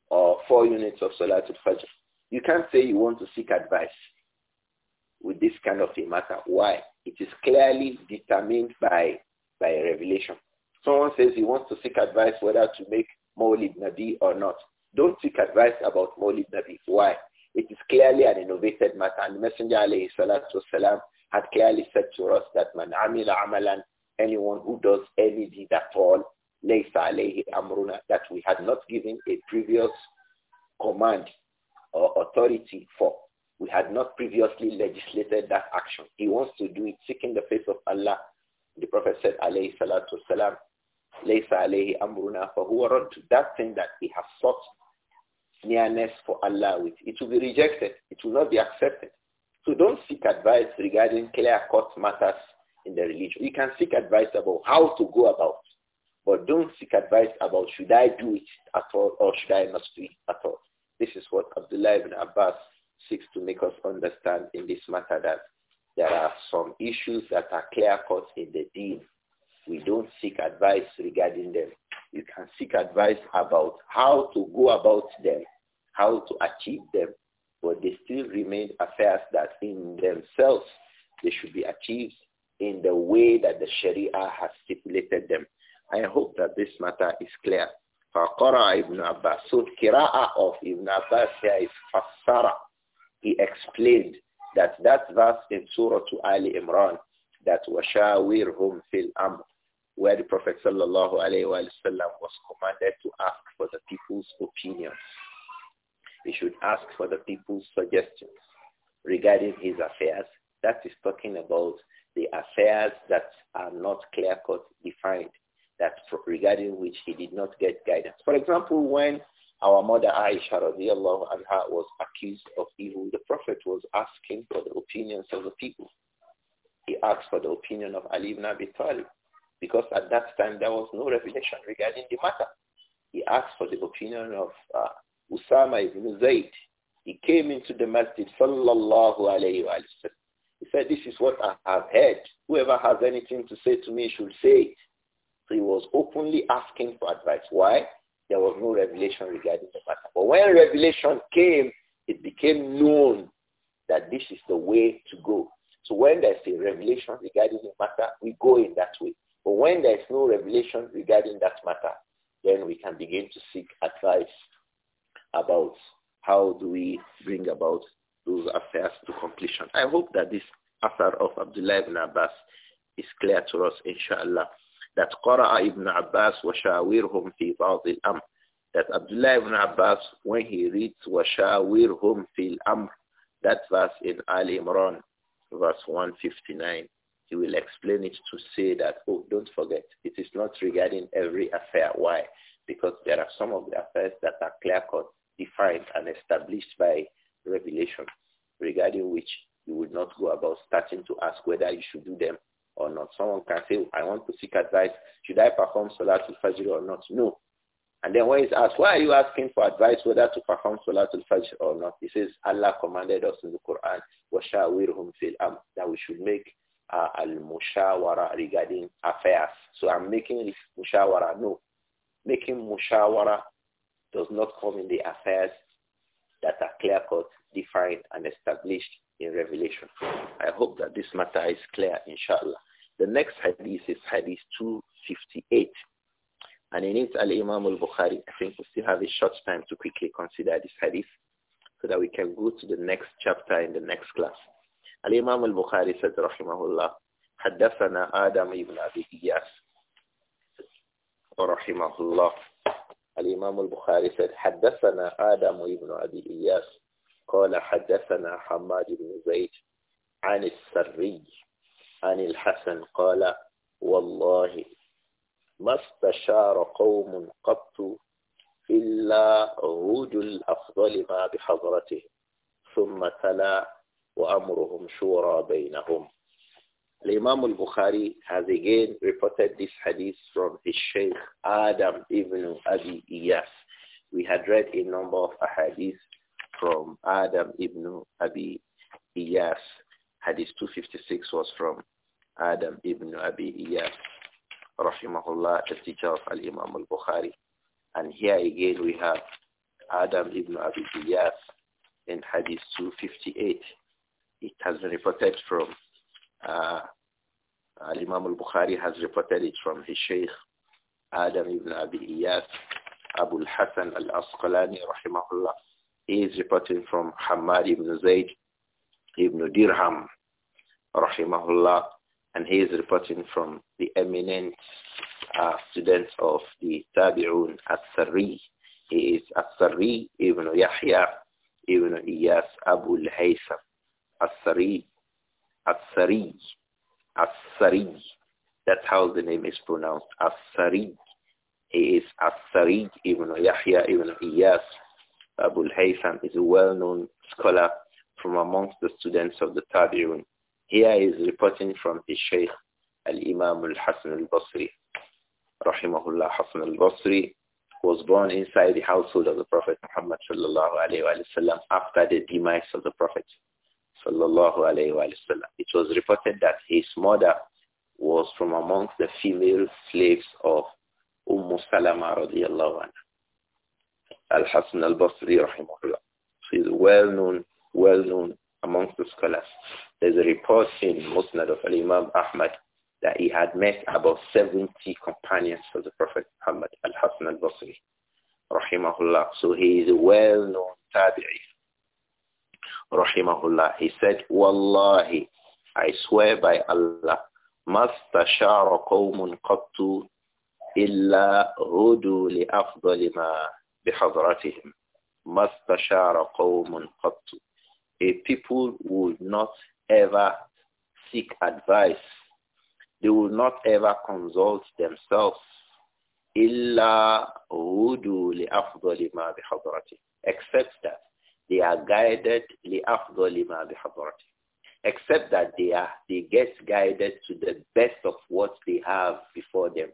or four units of Salatul Fajr. You can't say you want to seek advice with this kind of a matter. Why? It is clearly determined by, by revelation. Someone says he wants to seek advice whether to make Maulid Nabi or not. Don't seek advice about Maulid Nabi. Why? It is clearly an innovated matter. And the Messenger alayhi salatu wasalam, had clearly said to us that man amila amalan, anyone who does any deed at all, laysa alayhi amruna, that we had not given a previous command or authority for. We had not previously legislated that action. He wants to do it seeking the face of Allah. The Prophet said, alayhi salatu salam, laysa alayhi amruna to That thing that he has sought nearness for Allah with, it will be rejected. It will not be accepted. So don't seek advice regarding clear-cut matters in the religion. You can seek advice about how to go about, but don't seek advice about should I do it at all or should I not do it at all. This is what Abdullah ibn Abbas seeks to make us understand in this matter that there are some issues that are clear-cut in the deen. We don't seek advice regarding them. You can seek advice about how to go about them, how to achieve them, but they still remain affairs that in themselves they should be achieved in the way that the Sharia has stipulated them. I hope that this matter is clear. فقرأ ابن عباس. So قراءة of Ibn Abbas here is fassara he explained that that verse in Surah to Ali Imran, that washawirhum fil amr, where the Prophet sallallahu alaihi wasallam was commanded to ask for the people's opinions. He should ask for the people's suggestions regarding his affairs. That is talking about the affairs that are not clear-cut defined, that regarding which he did not get guidance. For example, when our mother Aisha anha was accused of evil. The Prophet was asking for the opinions of the people. He asked for the opinion of Ali ibn Abi Talib because at that time there was no revelation regarding the matter. He asked for the opinion of uh, Usama ibn Zayd. He came into the masjid, sallallahu alayhi wa He said, this is what I have heard. Whoever has anything to say to me should say it. So he was openly asking for advice. Why? there was no revelation regarding the matter. But when revelation came, it became known that this is the way to go. So when there's a revelation regarding the matter, we go in that way. But when there's no revelation regarding that matter, then we can begin to seek advice about how do we bring about those affairs to completion. I hope that this affair of Abdullah ibn Abbas is clear to us, inshallah that Qara'a ibn Abbas wa shawirhum fi ba'd al-amr. That Abdullah ibn Abbas, when he reads wa shawirhum fil amr, that verse in Al Imran, verse 159, he will explain it to say that, oh, don't forget, it is not regarding every affair. Why? Because there are some of the affairs that are clear-cut, defined, and established by revelation, regarding which you would not go about starting to ask whether you should do them or not. Someone can say, oh, I want to seek advice. Should I perform Salatul Fajr or not? No. And then when he's asked, why are you asking for advice whether to perform Salatul Fajr or not? He says, Allah commanded us in the Quran, fil am that we should make uh, al-mushawara regarding affairs. So I'm making this mushawara. No. Making mushawara does not come in the affairs that are clear-cut, defined, and established in Revelation. I hope that this matter is clear, inshallah. The next hadith is hadith 258. And in it, Al-Imam al-Bukhari, I think we still have a short time to quickly consider this hadith so that we can go to the next chapter in the next class. Al-Imam al-Bukhari said, Rahimahullah, حدثنا آدم ibn أبي إياس رحمه الله الإمام البخاري said حدثنا آدم ibn أبي إياس قال حدثنا حماد بن زيد عن السري عن الحسن قال والله ما استشار قوم قط إلا عود الأفضل ما بحضرته ثم تلا وأمرهم شورى بينهم الإمام البخاري has again reported this hadith from his Sheikh Adam ibn Abi Iyas. We had read a number of hadiths from Adam ibn Abi Iyas. Hadith 256 was from Adam ibn Abi Iyas, rahimahullah, the teacher of Al-Imam al-Bukhari. And here again we have Adam ibn Abi Iyas in Hadith 258. It has been reported from, uh, Al-Imam al-Bukhari has reported it from his sheikh, Adam ibn Abi Iyas, Abu al-Hasan al-Asqalani, rahimahullah. He is reporting from Hamad ibn Zayd ibn Dirham, rahimahullah, and he is reporting from the eminent uh, student of the Tabi'un As-Sarri. He is As-Sarri Ibn Yahya Ibn Iyas Abu Al-Haytham As-Sarri As-Sarri As-Sarri That's how the name is pronounced As-Sarri He is As-Sarri Ibn Yahya Ibn Iyas Abu Al-Haytham is a well-known scholar from amongst the students of the Tabi'un here is reporting from his Shaykh Al-Imam al Hassan Al-Basri. Rahimahullah Hassan Al-Basri was born inside the household of the Prophet Muhammad Sallallahu Alaihi Wasallam after the demise of the Prophet Sallallahu Alaihi Wasallam. It was reported that his mother was from amongst the female slaves of Umm Salama radiallahu anha. al Hassan al-Basri rahimahullah. She is well known, well known amongst the scholars. There's a report in Musnad of imam Ahmad that he had met about 70 companions of the Prophet Muhammad al-Hasan al-Basri, rahimahullah. So he is a well-known tabi'i, rahimahullah. He said, Wallahi, I swear by Allah, مستشار قوم illa إلا li لأفضل ما بحضرتهم مستشار A people would not ever seek advice. They will not ever consult themselves. Illa إِلَّا هُدُوا لِأَفْضَلِ مَا بِحَضْرَتِهِ Except that they are guided لِأَفْضَلِ مَا بِحَضْرَتِهِ Except that they are they get guided to the best of what they have before them.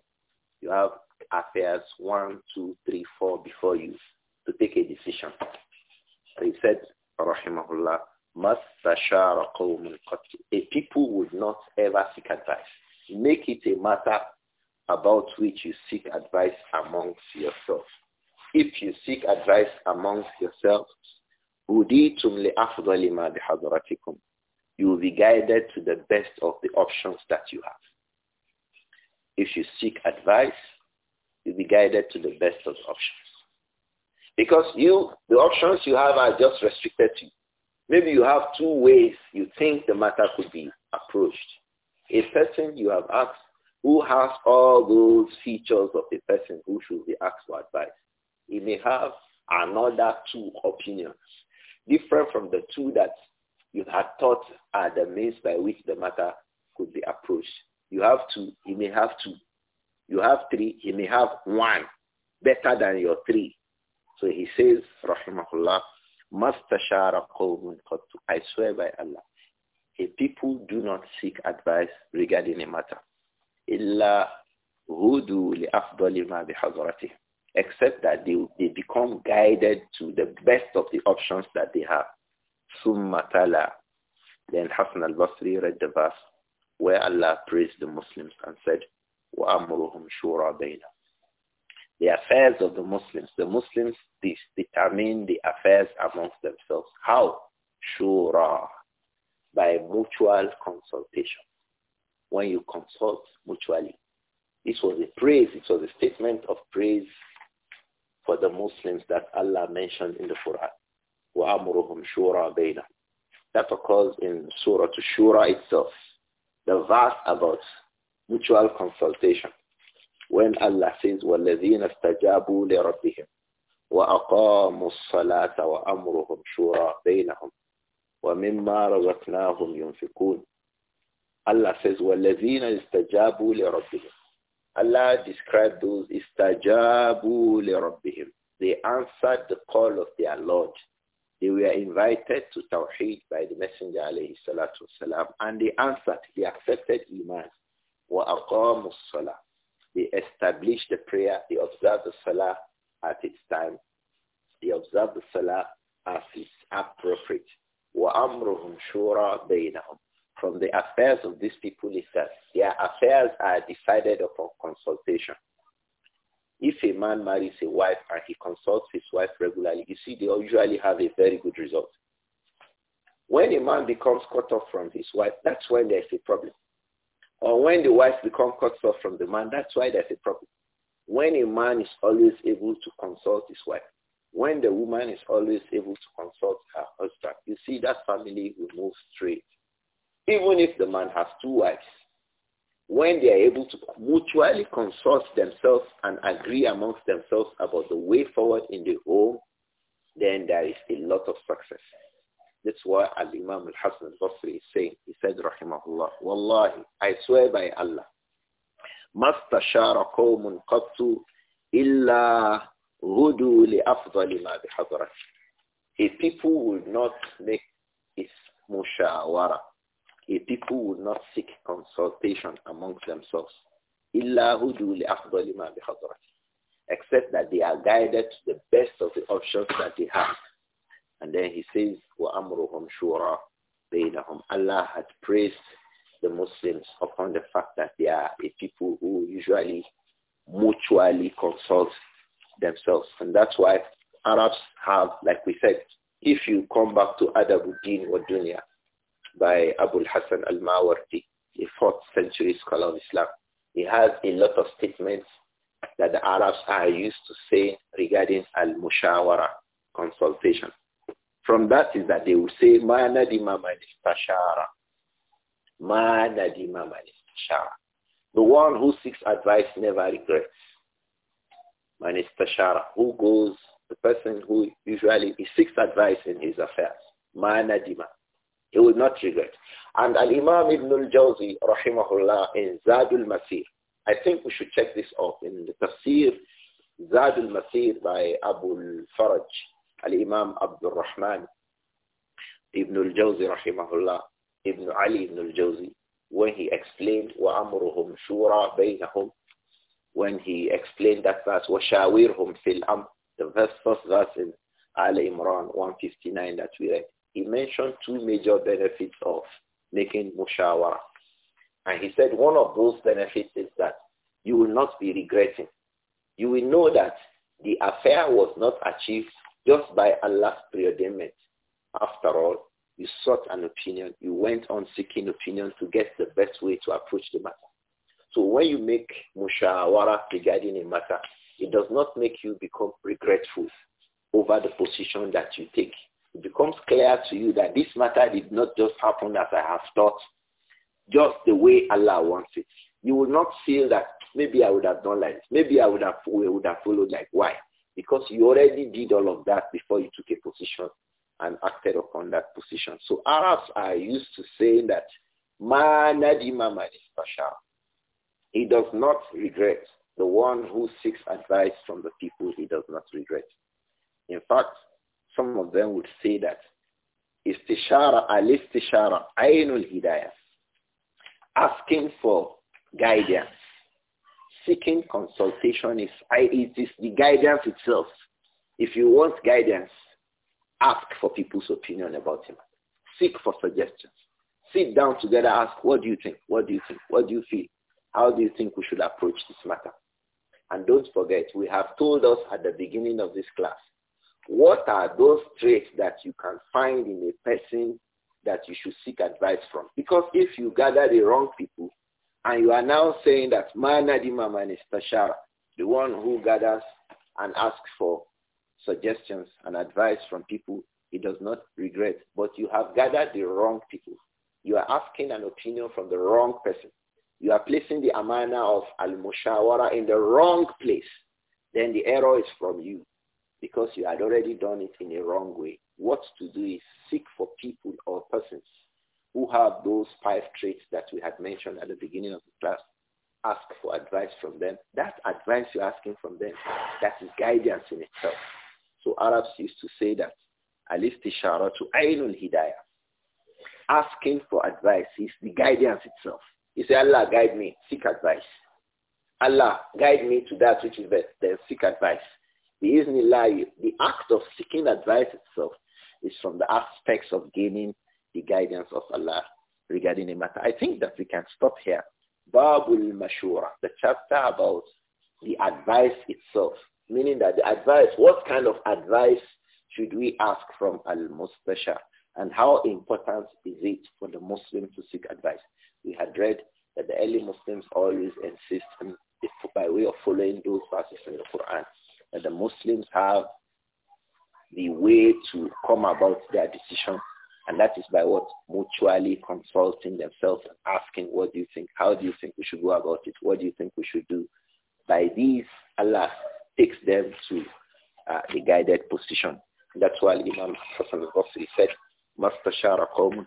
You have affairs one, two, three, four before you to take a decision. He said, Rahimahullah, Mastashara A people would not ever seek advice. Make it a matter about which you seek advice amongst yourselves. If you seek advice amongst yourselves, You will be guided to the best of the options that you have. If you seek advice, you'll be guided to the best of the options. Because you, the options you have are just restricted to you. Maybe you have two ways you think the matter could be approached. A person you have asked who has all those features of a person who should be asked for advice, he may have another two opinions, different from the two that you had thought are the means by which the matter could be approached. You have two, he may have two. You have three, he may have one, better than your three. So he says, Rahimahullah, I swear by Allah. A people do not seek advice regarding a matter. Illa hudu li ma bihazratih. Except that they, they become guided to the best of the options that they have. Summa tala. Then Hassan al-Basri read the verse where Allah praised the Muslims and said, وَأَمْرُهُمْ شُورَى بَيْنَهُمْ the affairs of the Muslims. The Muslims determine the affairs amongst themselves. How? Shura. By mutual consultation. When you consult mutually. This was a praise. It was a statement of praise for the Muslims that Allah mentioned in the Quran. وَأَمُرُهُمْ شُورَى بَيْنَهُمْ That occurs in Surah to Shura itself. The verse about mutual consultation. When Allah says, وَالَّذِينَ اسْتَجَابُوا لِرَبِّهِمْ وَأَقَامُوا الصَّلَاةَ وَأَمْرُهُمْ شُورَى بَيْنَهُمْ وَمِمَّا رَزَقْنَاهُمْ يُنْفِقُونَ Allah says, وَالَّذِينَ اسْتَجَابُوا لِرَبِّهِمْ Allah described those istajabu lirabbihim. They answered the call of their Lord. They were invited to Tawheed by the Messenger alayhi salatu wasalam, and they answered. They accepted Iman. وَأَقَامُوا الصَّلَاةِ they establish the prayer. They observe the salah at its time. They observe the salah as it's appropriate. وَأَمْرُهُمْ شُورَى بَيْنَهُمْ From the affairs of these people is that their affairs are decided upon consultation. If a man marries a wife and he consults his wife regularly, you see they usually have a very good result. When a man becomes cut off from his wife, that's when there's a problem. Or when the wife becomes cut off from the man, that's why there's a problem. When a man is always able to consult his wife, when the woman is always able to consult her husband, you see that family will move straight. Even if the man has two wives, when they are able to mutually consult themselves and agree amongst themselves about the way forward in the home, then there is a lot of success. That's why Al-Imam Al-Hasan Al-Basri is saying, he said, Rahimahullah, Wallahi, I swear by Allah, مستشار قوم قط إلا غدوا لأفضل ما بحضرته. A people would not make a mushawara. A people would not seek consultation amongst themselves. إلا هدوا لأفضل ما بحضرته. Except that they are guided to the best of the options that they have. And then he says, وَأَمْرُهُمْ شُورًا بَيْنَهُمْ Allah had praised the Muslims upon the fact that they are a people who usually mutually consult themselves. And that's why Arabs have, like we said, if you come back to Adabuddin wa Dunya by Abul Hassan al-Mawardi, a 4th century scholar of Islam, he has a lot of statements that the Arabs are used to say regarding al-mushawara, consultation. From that is that they will say, Ma nadima man istashara. Ma nadima man istashara. The one who seeks advice never regrets. Man istashara. Who goes, the person who usually seeks advice in his affairs. Ma nadima. He will not regret. And Al-Imam Ibn al-Jawzi, rahimahullah, in Zadul Masir, I think we should check this off in the tafsir Zadul Masir by Abu al-Faraj الإمام imam Abdul Rahman Ibn al-Jawzi ابن علي ابن الجوزي when he explained وَأَمْرُهُمْ شُورَى بَيْنَهُمْ when he explained that verse وَشَاوِرْهُمْ فِي الْأَمْرِ the verse, first verse in Al-Imran 159 that we read, he mentioned two major benefits of making mushawara. And he said one of those benefits is that you will not be regretting. You will know that the affair was not achieved just by Allah's preordainment. After all, you sought an opinion. You went on seeking opinion to get the best way to approach the matter. So when you make mushawara regarding a matter, it does not make you become regretful over the position that you take. It becomes clear to you that this matter did not just happen as I have thought, just the way Allah wants it. You will not feel that maybe I would have done like this. Maybe I would have, would have followed like why because you already did all of that before you took a position and acted upon that position. So Arabs are used to saying that Manadima Madis He does not regret the one who seeks advice from the people he does not regret. In fact, some of them would say that istishara al-istishara ainul hidayah asking for guidance seeking consultation is, it is the guidance itself. If you want guidance, ask for people's opinion about him. Seek for suggestions. Sit down together, ask, what do you think? What do you think? What do you feel? How do you think we should approach this matter? And don't forget, we have told us at the beginning of this class, what are those traits that you can find in a person that you should seek advice from? Because if you gather the wrong people, and you are now saying that manadima nadima the one who gathers and asks for suggestions and advice from people, he does not regret. But you have gathered the wrong people. You are asking an opinion from the wrong person. You are placing the amana of al-mushawara in the wrong place. Then the error is from you because you had already done it in a wrong way. What to do is seek for people or persons who have those five traits that we had mentioned at the beginning of the class, ask for advice from them. That advice you're asking from them, that is guidance in itself. So Arabs used to say that, al to aynul hidayah. Asking for advice is the guidance itself. You say, Allah, guide me, seek advice. Allah, guide me to that which is best, then seek advice. The, the act of seeking advice itself is from the aspects of gaining the guidance of Allah regarding the matter. I think that we can stop here. Babul Mashura, the chapter about the advice itself, meaning that the advice, what kind of advice should we ask from Al-Mustashar? And how important is it for the Muslim to seek advice? We had read that the early Muslims always insist on, by way of following those verses in the Quran, that the Muslims have the way to come about their decision and that is by what? Mutually consulting themselves and asking, what do you think? How do you think we should go about it? What do you think we should do? By these, Allah takes them to uh, a guided position. That's why Imam Hassan al-Basri said, مَسْتَشَارَ قَوْمٌ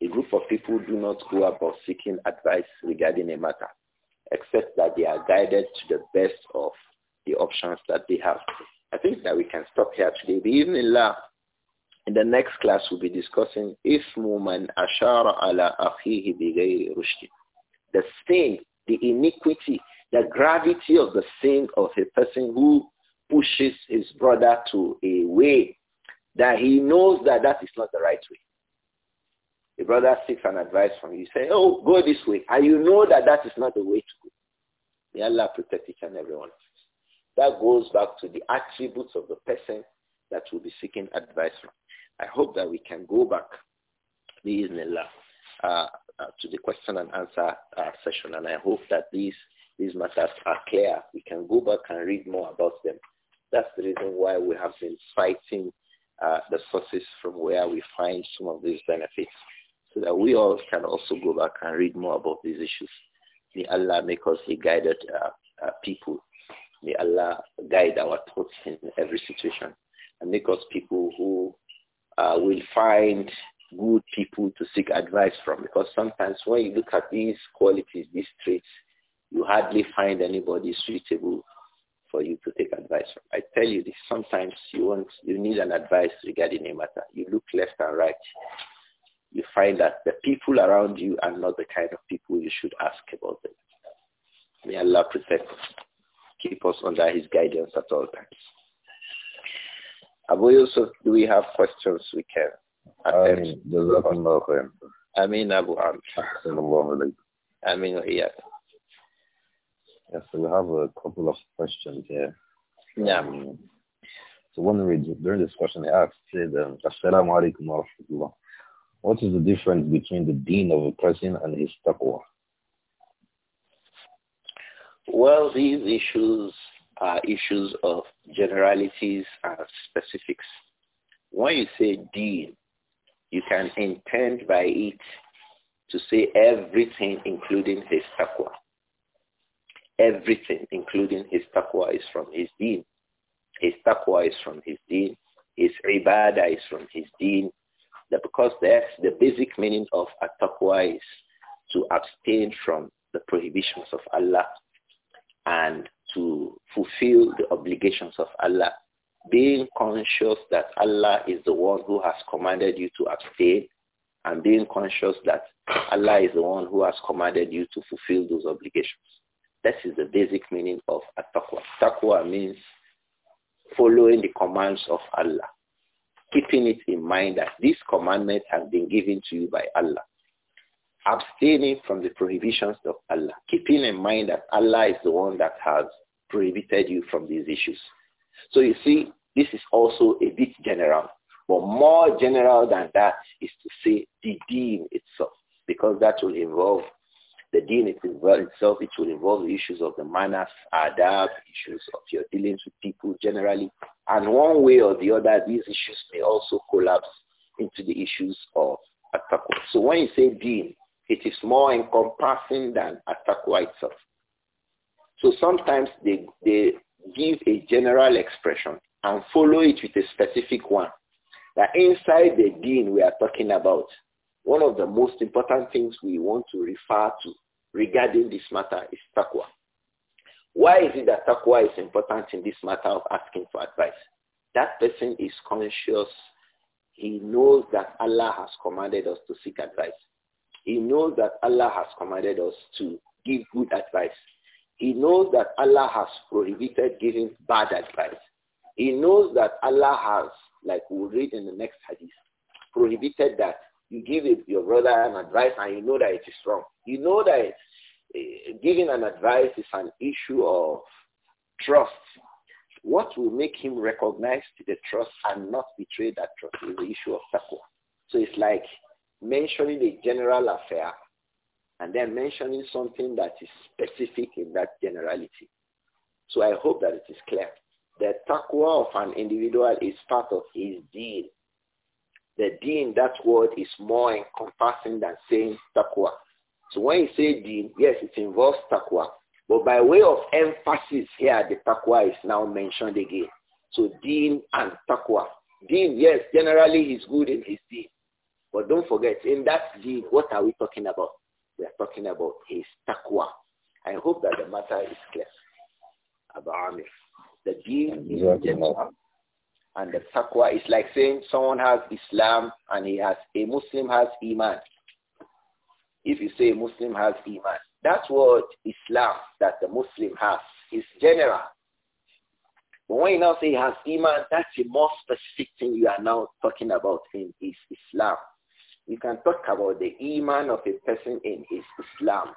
A group of people do not go about seeking advice regarding a matter, except that they are guided to the best of the options that they have. I think that we can stop here today. even in the next class, we'll be discussing if man ashara ala akhihi bighayri The sin, the iniquity, the gravity of the sin of a person who pushes his brother to a way that he knows that that is not the right way. A brother seeks an advice from you. say, oh, go this way. And you know that that is not the way to go. May Allah protect each and every one of that goes back to the attributes of the person that will be seeking advice from. I hope that we can go back, uh, uh, to the question and answer uh, session. And I hope that these, these matters are clear. We can go back and read more about them. That's the reason why we have been citing uh, the sources from where we find some of these benefits so that we all can also go back and read more about these issues. May Allah make us a guided uh, uh, people May Allah guide our thoughts in every situation and make us people who uh, will find good people to seek advice from. Because sometimes when you look at these qualities, these traits, you hardly find anybody suitable for you to take advice from. I tell you this, sometimes you want, you need an advice regarding a matter. You look left and right. You find that the people around you are not the kind of people you should ask about them. May Allah protect us keep us under his guidance at all times. Abu Yusuf, do we have questions we can attempt? I mean, Abu Amr. I mean, yeah. Yes, so we have a couple of questions here. Yeah. Um, so one reads, during this question they asked, said, um, Assalamu alaikum wa rahmatullah. What is the difference between the deen of a person and his taqwa? Well, these issues are issues of generalities and specifics. When you say deen, you can intend by it to say everything including his taqwa. Everything including his taqwa is from his deen. His taqwa is from his deen. His ibadah is from his deen. Because that's the basic meaning of a taqwa is to abstain from the prohibitions of Allah and to fulfill the obligations of Allah, being conscious that Allah is the one who has commanded you to abstain and being conscious that Allah is the one who has commanded you to fulfill those obligations. That is the basic meaning of taqwa. Taqwa means following the commands of Allah, keeping it in mind that these commandments have been given to you by Allah abstaining from the prohibitions of Allah, keeping in mind that Allah is the one that has prohibited you from these issues. So you see, this is also a bit general, but more general than that is to say the deen itself, because that will involve the deen itself, it will involve the issues of the manners, adab, issues of your dealings with people generally. And one way or the other, these issues may also collapse into the issues of attaqwa. So when you say deen, it is more encompassing than attaqwa itself. So sometimes they, they give a general expression and follow it with a specific one. That inside the deen we are talking about, one of the most important things we want to refer to regarding this matter is taqwa. Why is it that taqwa is important in this matter of asking for advice? That person is conscious. He knows that Allah has commanded us to seek advice. He knows that Allah has commanded us to give good advice. He knows that Allah has prohibited giving bad advice. He knows that Allah has, like we'll read in the next hadith, prohibited that you give your brother an advice and you know that it is wrong. You know that uh, giving an advice is an issue of trust. What will make him recognize the trust and not betray that trust is the issue of taqwa. So it's like mentioning a general affair and then mentioning something that is specific in that generality. So I hope that it is clear. The taqwa of an individual is part of his deen. The deen, that word is more encompassing than saying taqwa. So when you say deen, yes, it involves taqwa. But by way of emphasis here, the taqwa is now mentioned again. So deen and taqwa. Deen, yes, generally he's good in his deen. But don't forget, in that deed, what are we talking about? We are talking about his taqwa. I hope that the matter is clear. Abu Amir. The deed is general. And the taqwa is like saying someone has Islam and he has, a Muslim has Iman. If you say a Muslim has Iman, that's what Islam that the Muslim has is general. But when you now say he has Iman, that's the more specific thing you are now talking about in is Islam. You can talk about the iman of a person in his Islam.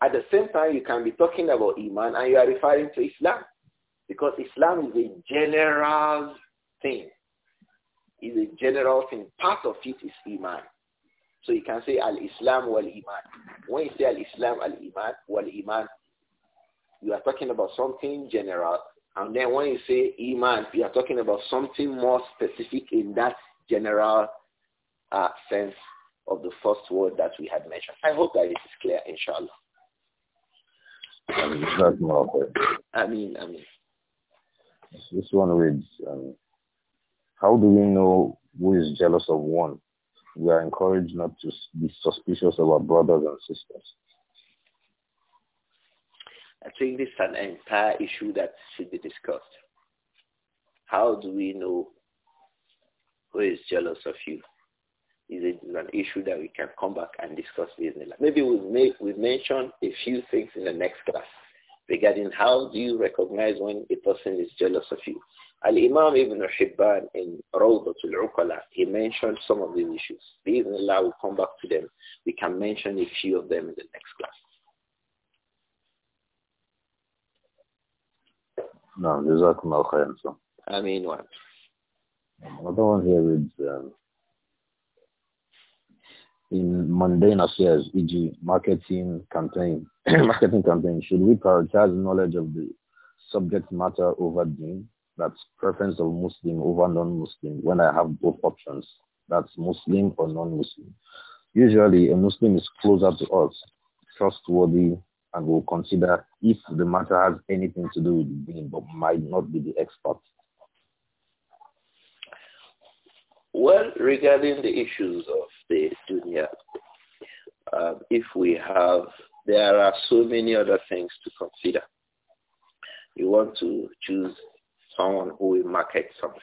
At the same time, you can be talking about iman and you are referring to Islam because Islam is a general thing. Is a general thing. Part of it is iman. So you can say al-Islam wal-Iman. When you say al-Islam, al-Iman, wal-Iman, you are talking about something general. And then when you say Iman, you are talking about something more specific in that general uh, sense of the first word that we had mentioned. I hope that it is clear, inshallah. I mean, I mean. This one reads, um, how do we know who is jealous of one? We are encouraged not to be suspicious of our brothers and sisters. I think this is an entire issue that should be discussed. How do we know who is jealous of you? is, an issue that we can come back and discuss with Maybe we'll, make, we'll mention a few things in the next class regarding how do you recognize when a person is jealous of you. Al-Imam Ibn Hibban in Rawdatul Uqala, he mentioned some of these issues. These Allah will come back to them. We can mention a few of them in the next class. No, Jazakum al-Khair. I mean what? Another one here is um, in mundane affairs, e.g. marketing campaign, marketing campaign, should we prioritize knowledge of the subject matter over deen? That's preference of Muslim over non-Muslim when I have both options. That's Muslim or non-Muslim. Usually a Muslim is closer to us, trustworthy, and will consider if the matter has anything to do with deen, but might not be the expert. Well, regarding the issues of the dunya. Um, if we have, there are so many other things to consider. You want to choose someone who will market something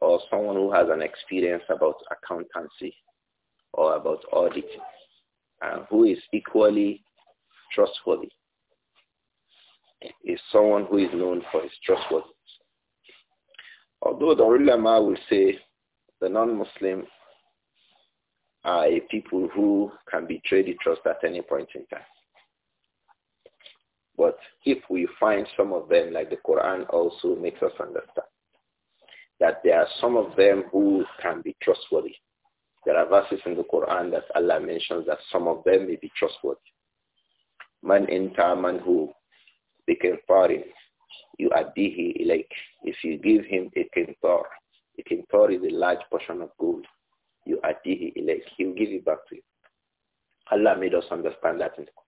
or someone who has an experience about accountancy or about auditing and who is equally trustworthy is someone who is known for his trustworthiness. Although the ulama will say the non-Muslim are a people who can betray the trust at any point in time. But if we find some of them, like the Quran also makes us understand, that there are some of them who can be trustworthy. There are verses in the Quran that Allah mentions that some of them may be trustworthy. Man enta manhu bikintarin yu'addihi like If you give him a kintar, a kintar is a large portion of gold. You the elect. He will give it back to you. Allah made us understand that in the Quran.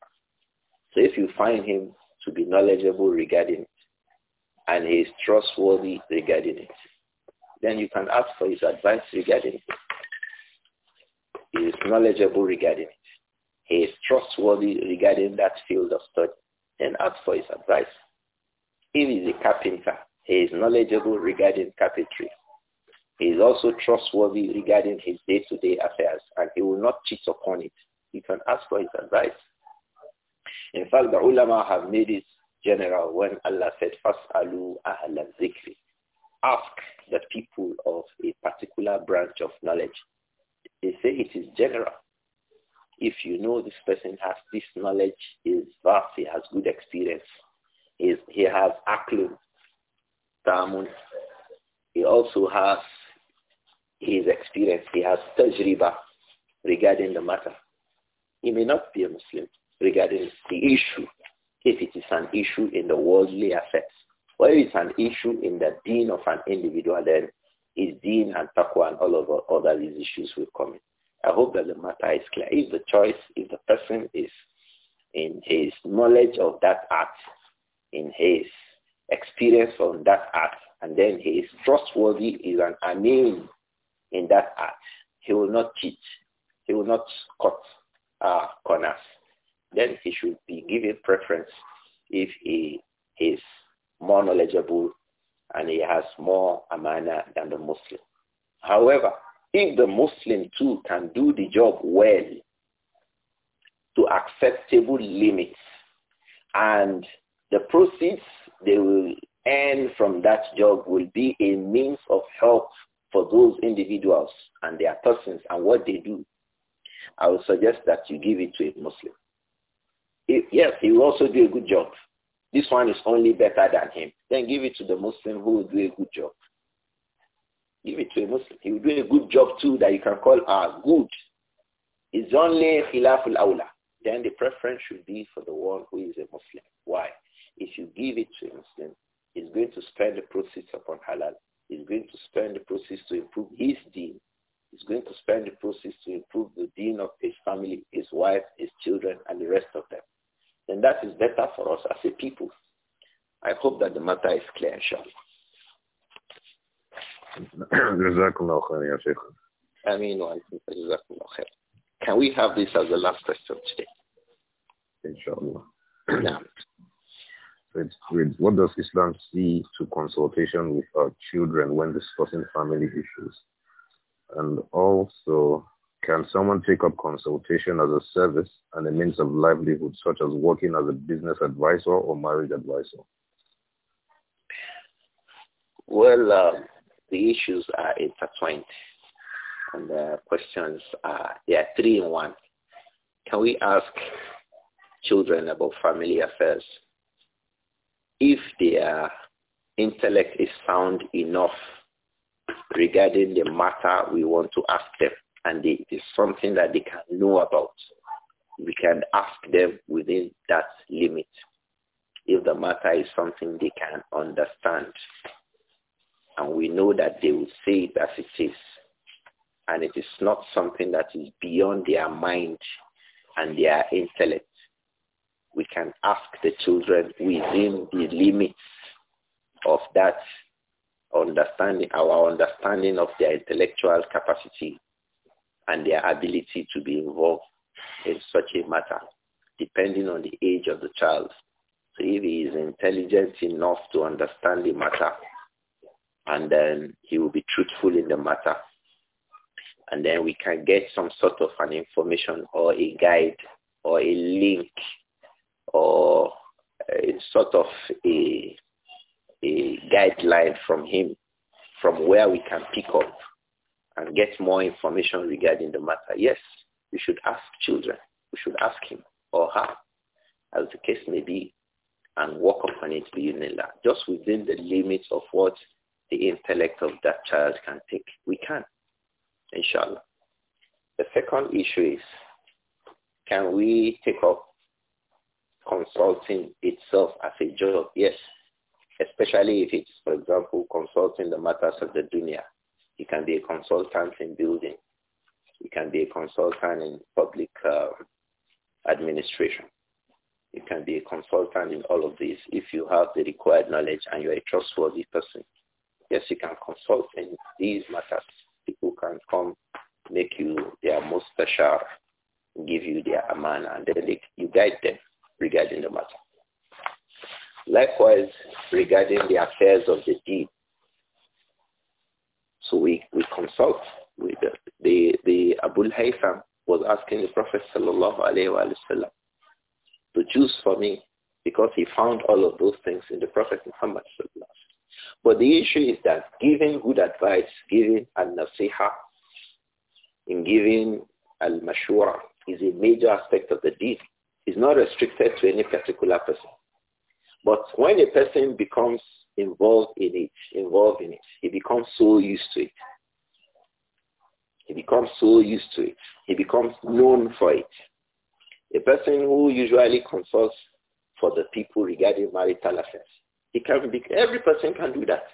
So if you find him to be knowledgeable regarding it, and he is trustworthy regarding it, then you can ask for his advice regarding it. He is knowledgeable regarding it. He is trustworthy regarding that field of study. Then ask for his advice. If he is a carpenter, he is knowledgeable regarding carpentry. He is also trustworthy regarding his day-to-day affairs, and he will not cheat upon it. You can ask for his advice. In fact, the ulama have made it general when Allah said, Fas'alu ahla zikri. Ask the people of a particular branch of knowledge. They say it is general. If you know this person has this knowledge, is vast, he has good experience, he, is, he has aklum, tamun, he also has his experience, He has tajriba regarding the matter. He may not be a Muslim regarding the issue, if it is an issue in the worldly aspects. Or if it's an issue in the deen of an individual, then his deen and taqwa and all of other these issues will come in. I hope that the matter is clear. If the choice, if the person is in his knowledge of that act, in his experience on that act, and then he is trustworthy, is an amin in that act. He will not cheat. He will not cut uh, corners. Then he should be given preference if he is more knowledgeable and he has more amana than the Muslim. However, if the Muslim too can do the job well to acceptable limits and the proceeds they will earn from that job will be a means of help for those individuals and their persons and what they do, I would suggest that you give it to a Muslim. If, yes, he will also do a good job. This one is only better than him. Then give it to the Muslim who will do a good job. Give it to a Muslim. He will do a good job too that you can call uh, good. It's only khilaful awla. Then the preference should be for the one who is a Muslim. Why? If you give it to a Muslim, he's going to spend the proceeds upon halal He's going to spend the process to improve his dean. He's going to spend the process to improve the dean of his family, his wife, his children, and the rest of them. And that is better for us as a people. I hope that the matter is clear, inshallah. I mean, can we have this as the last question today? Inshallah. It's, what does Islam see to consultation with our children when discussing family issues? And also, can someone take up consultation as a service and a means of livelihood, such as working as a business advisor or marriage advisor? Well, uh, the issues are intertwined, and the questions are, they three in one. Can we ask children about family affairs? if their intellect is sound enough regarding the matter we want to ask them, and it is something that they can know about, we can ask them within that limit if the matter is something they can understand. And we know that they will say it as it is. And it is not something that is beyond their mind and their intellect we can ask the children within the limits of that understanding, our understanding of their intellectual capacity and their ability to be involved in such a matter, depending on the age of the child. So if he is intelligent enough to understand the matter, and then he will be truthful in the matter, and then we can get some sort of an information or a guide or a link or it's sort of a, a guideline from him from where we can pick up and get more information regarding the matter. Yes, we should ask children. We should ask him or her, as the case may be, and work upon it beyond just within the limits of what the intellect of that child can take. We can, inshallah. The second issue is, can we take up consulting itself as a job, yes. Especially if it's, for example, consulting the matters of the dunya. You can be a consultant in building. You can be a consultant in public um, administration. You can be a consultant in all of these if you have the required knowledge and you're a trustworthy person. Yes, you can consult in these matters. People can come make you their most special, give you their aman, and then they, you guide them regarding the matter. Likewise, regarding the affairs of the deed. So we, we consult with the, the, the Abul Haytham was asking the Prophet sallallahu alayhi to choose for me because he found all of those things in the Prophet Muhammad sallallahu But the issue is that giving good advice, giving al-nasiha, in giving al-mashura is a major aspect of the deed is not restricted to any particular person. But when a person becomes involved in it, involved in it, he becomes so used to it. He becomes so used to it. He becomes known for it. A person who usually consults for the people regarding marital affairs, he can be, every person can do that.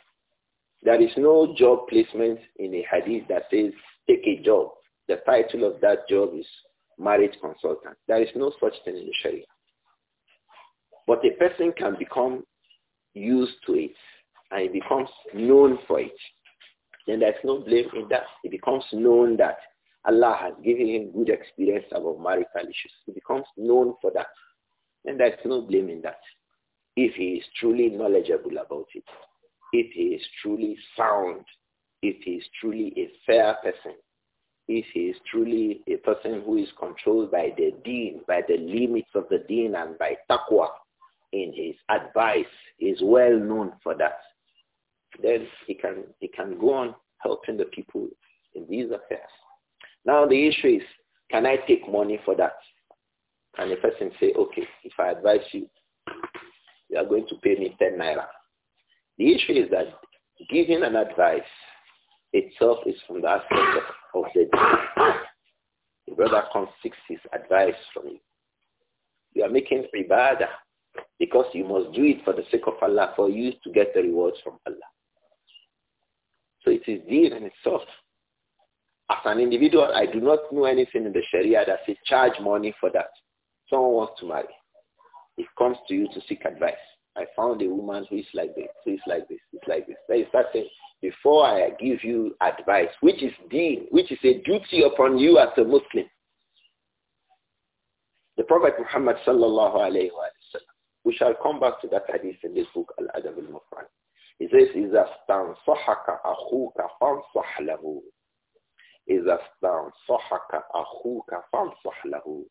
There is no job placement in a hadith that says take a job. The title of that job is marriage consultant. There is no such thing in Sharia. But a person can become used to it and it becomes known for it. Then there's no blame in that. It becomes known that Allah has given him good experience about marital issues. He becomes known for that. And there's no blame in that. If he is truly knowledgeable about it, if he is truly sound, if he is truly a fair person, if he is truly a person who is controlled by the deen, by the limits of the deen and by taqwa in his advice, is well known for that. Then he can, he can go on helping the people in these affairs. Now the issue is, can I take money for that? Can a person say, okay, if I advise you, you are going to pay me 10 naira. The issue is that giving an advice itself is from the aspect of, of the The brother comes seeks his advice from you. You are making ibadah because you must do it for the sake of Allah, for you to get the rewards from Allah. So it is deen in itself. As an individual, I do not know anything in the Sharia that says charge money for that. Someone wants to marry. He comes to you to seek advice. I found a woman who is like this, who is like this, who is like this. Then start saying, before I give you advice, which is deen, which is a duty upon you as a Muslim. The Prophet Muhammad sallallahu alayhi wa sallam, we shall come back to that hadith in this book, Al-Adab al-Mufran. He says, إِذَا اسْتَنْصَحَكَ أَخُوكَ فَانْصَحْ لَهُ إِذَا اسْتَنْصَحَكَ أَخُوكَ فَانْصَحْ لَهُ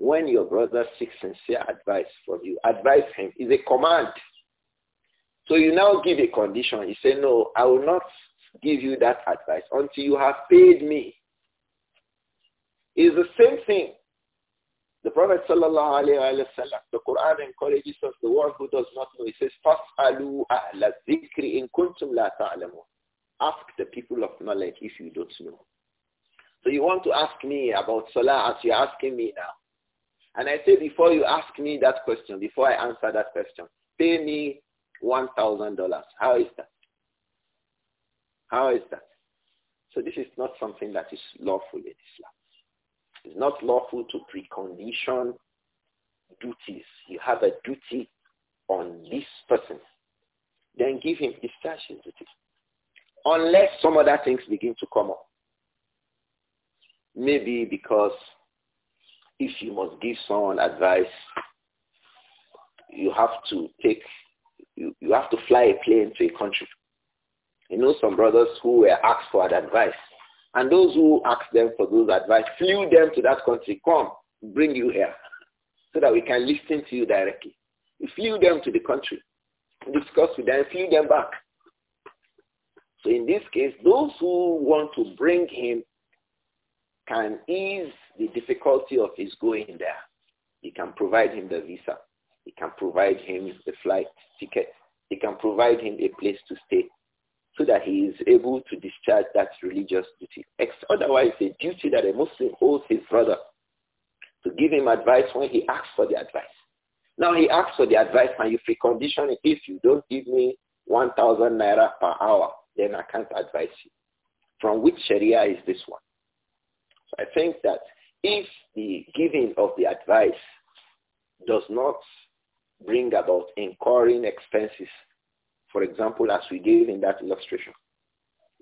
when your brother seeks sincere advice from you, advise him. is a command. So you now give a condition. You say, no, I will not give you that advice until you have paid me. It's the same thing. The Prophet sallallahu alayhi wa the Quran encourages us, the one who does not know, he says, فَاسْأَلُوا أَهْلَ الذِّكْرِ إِن كُنْتُمْ لَا تَعْلَمُونَ Ask the people of knowledge if you don't know. So you want to ask me about Salah as you're asking me now. And I say, before you ask me that question, before I answer that question, pay me $1,000. How is that? How is that? So this is not something that is lawful in Islam. It's not lawful to precondition duties. You have a duty on this person. Then give him his cash duty. Unless some other things begin to come up. Maybe because if you must give someone advice, you have to take, you, you have to fly a plane to a country. You know some brothers who were asked for advice. And those who asked them for those advice flew them to that country, come, bring you here, so that we can listen to you directly. We flew them to the country, discussed with them, flew them back. So in this case, those who want to bring him can ease the difficulty of his going there. He can provide him the visa. He can provide him the flight ticket. He can provide him a place to stay so that he is able to discharge that religious duty. Otherwise, a duty that a Muslim owes his brother to give him advice when he asks for the advice. Now he asks for the advice and you precondition it. If you don't give me 1,000 naira per hour, then I can't advise you. From which Sharia is this one? So I think that if the giving of the advice does not bring about incurring expenses, for example, as we gave in that illustration,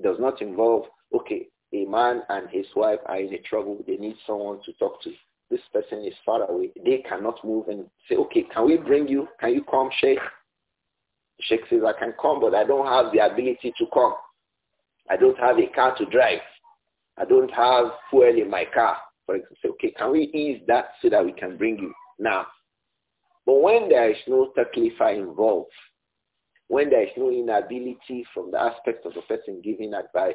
does not involve, okay, a man and his wife are in a trouble, they need someone to talk to. This person is far away. They cannot move and say, okay, can we bring you? Can you come, Sheikh? Sheikh says, I can come, but I don't have the ability to come. I don't have a car to drive. I don't have fuel in my car. For example, say, okay, can we ease that so that we can bring you now? But when there is no taklifa involved, when there is no inability from the aspect of the person giving advice,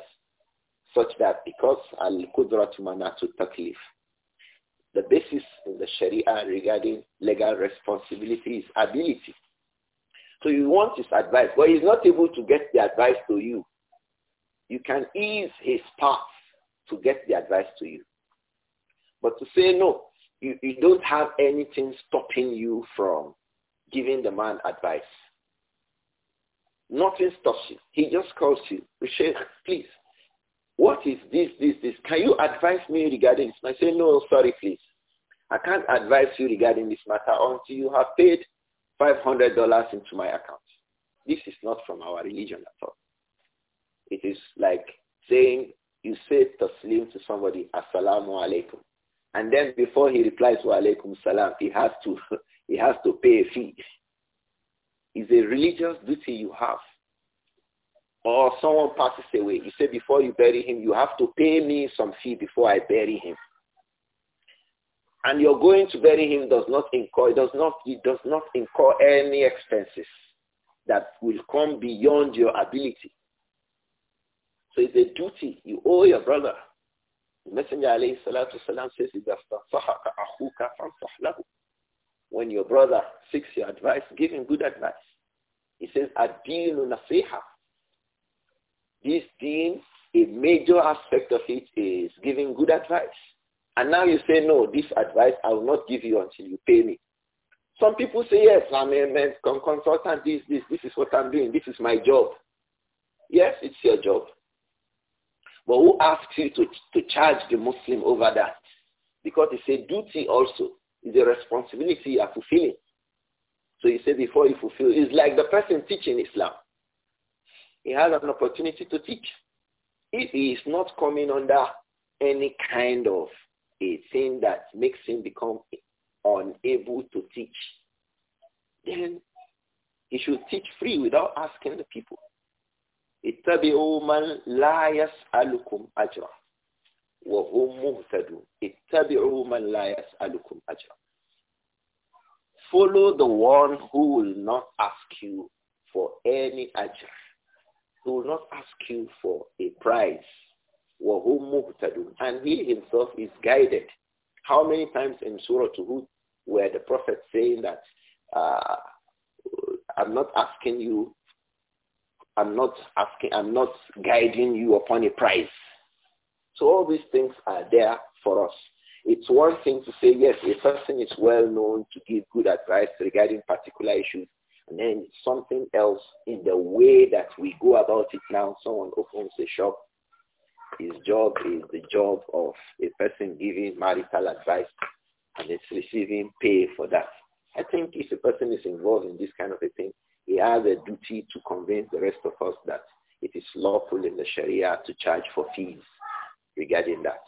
such that because al-qudratu manatu taklif, the basis in the Sharia regarding legal responsibility is ability. So you want his advice, but he's not able to get the advice to you. You can ease his path to get the advice to you. But to say no, you, you don't have anything stopping you from giving the man advice. Nothing stops you. He just calls you, Sheikh, please, what is this, this, this? Can you advise me regarding this? I say, no, sorry, please. I can't advise you regarding this matter until you have paid $500 into my account. This is not from our religion at all. It is like saying you say taslim to somebody, assalamu alaikum. And then before he replies wa alaikum salam, he has to, he has to pay a fee. It's a religious duty you have. Or someone passes away. You say before you bury him, you have to pay me some fee before I bury him. And you're going to bury him does not incur, does not, it does not incur any expenses that will come beyond your ability. So it's a duty. You owe your brother. The Messenger salatu salam says, When your brother seeks your advice, give him good advice. He says, Ad-deenu nasiha. This deen, a major aspect of it is giving good advice. And now you say, no, this advice I will not give you until you pay me. Some people say, yes, I'm a consultant, this, this, this is what I'm doing, this is my job. Yes, it's your job. But who asked you to, to charge the Muslim over that? Because it's a duty also. It's a responsibility you are fulfilling. So you say before you fulfill, it's like the person teaching Islam. He has an opportunity to teach. If he is not coming under any kind of a thing that makes him become unable to teach, then he should teach free without asking the people. اتبعوا من لا يسألكم أجرا وهم مهتدون اتبعوا من لا يسألكم أجرا Follow the one who will not ask you for any ajr, who will not ask you for a price. وَهُمْ مُهْتَدُونَ And he himself is guided. How many times in Surah Hud where the Prophet saying that uh, I'm not asking you I'm not asking, I'm not guiding you upon a price. So all these things are there for us. It's one thing to say, yes, a person is well known to give good advice regarding particular issues. And then something else in the way that we go about it now. Someone opens a shop. His job is the job of a person giving marital advice and is receiving pay for that. I think if a person is involved in this kind of a thing, he has a duty to convince the rest of us that it is lawful in the Sharia to charge for fees regarding that.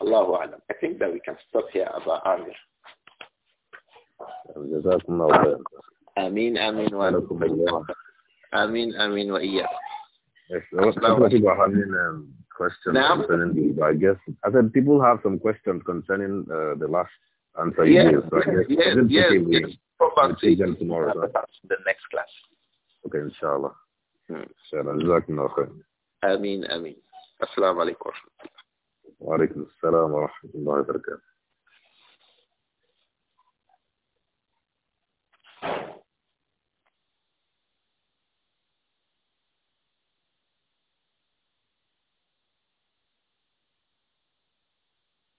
Allahu Alam. I think that we can stop here about Amir. Amin, amin, wa Amin, amin, wa iya. Yes, there was having um, questions now? concerning but I guess I said people have some questions concerning uh, the last answer yes, So yes, yes, yes, yes. Come back to tomorrow. Right? The next class. Okay, inshallah. Hmm. Inshallah. Jazakumullah khair. Ameen, ameen. Assalamu alaikum. Wa alaikum assalam wa rahmatullahi wa barakatuh.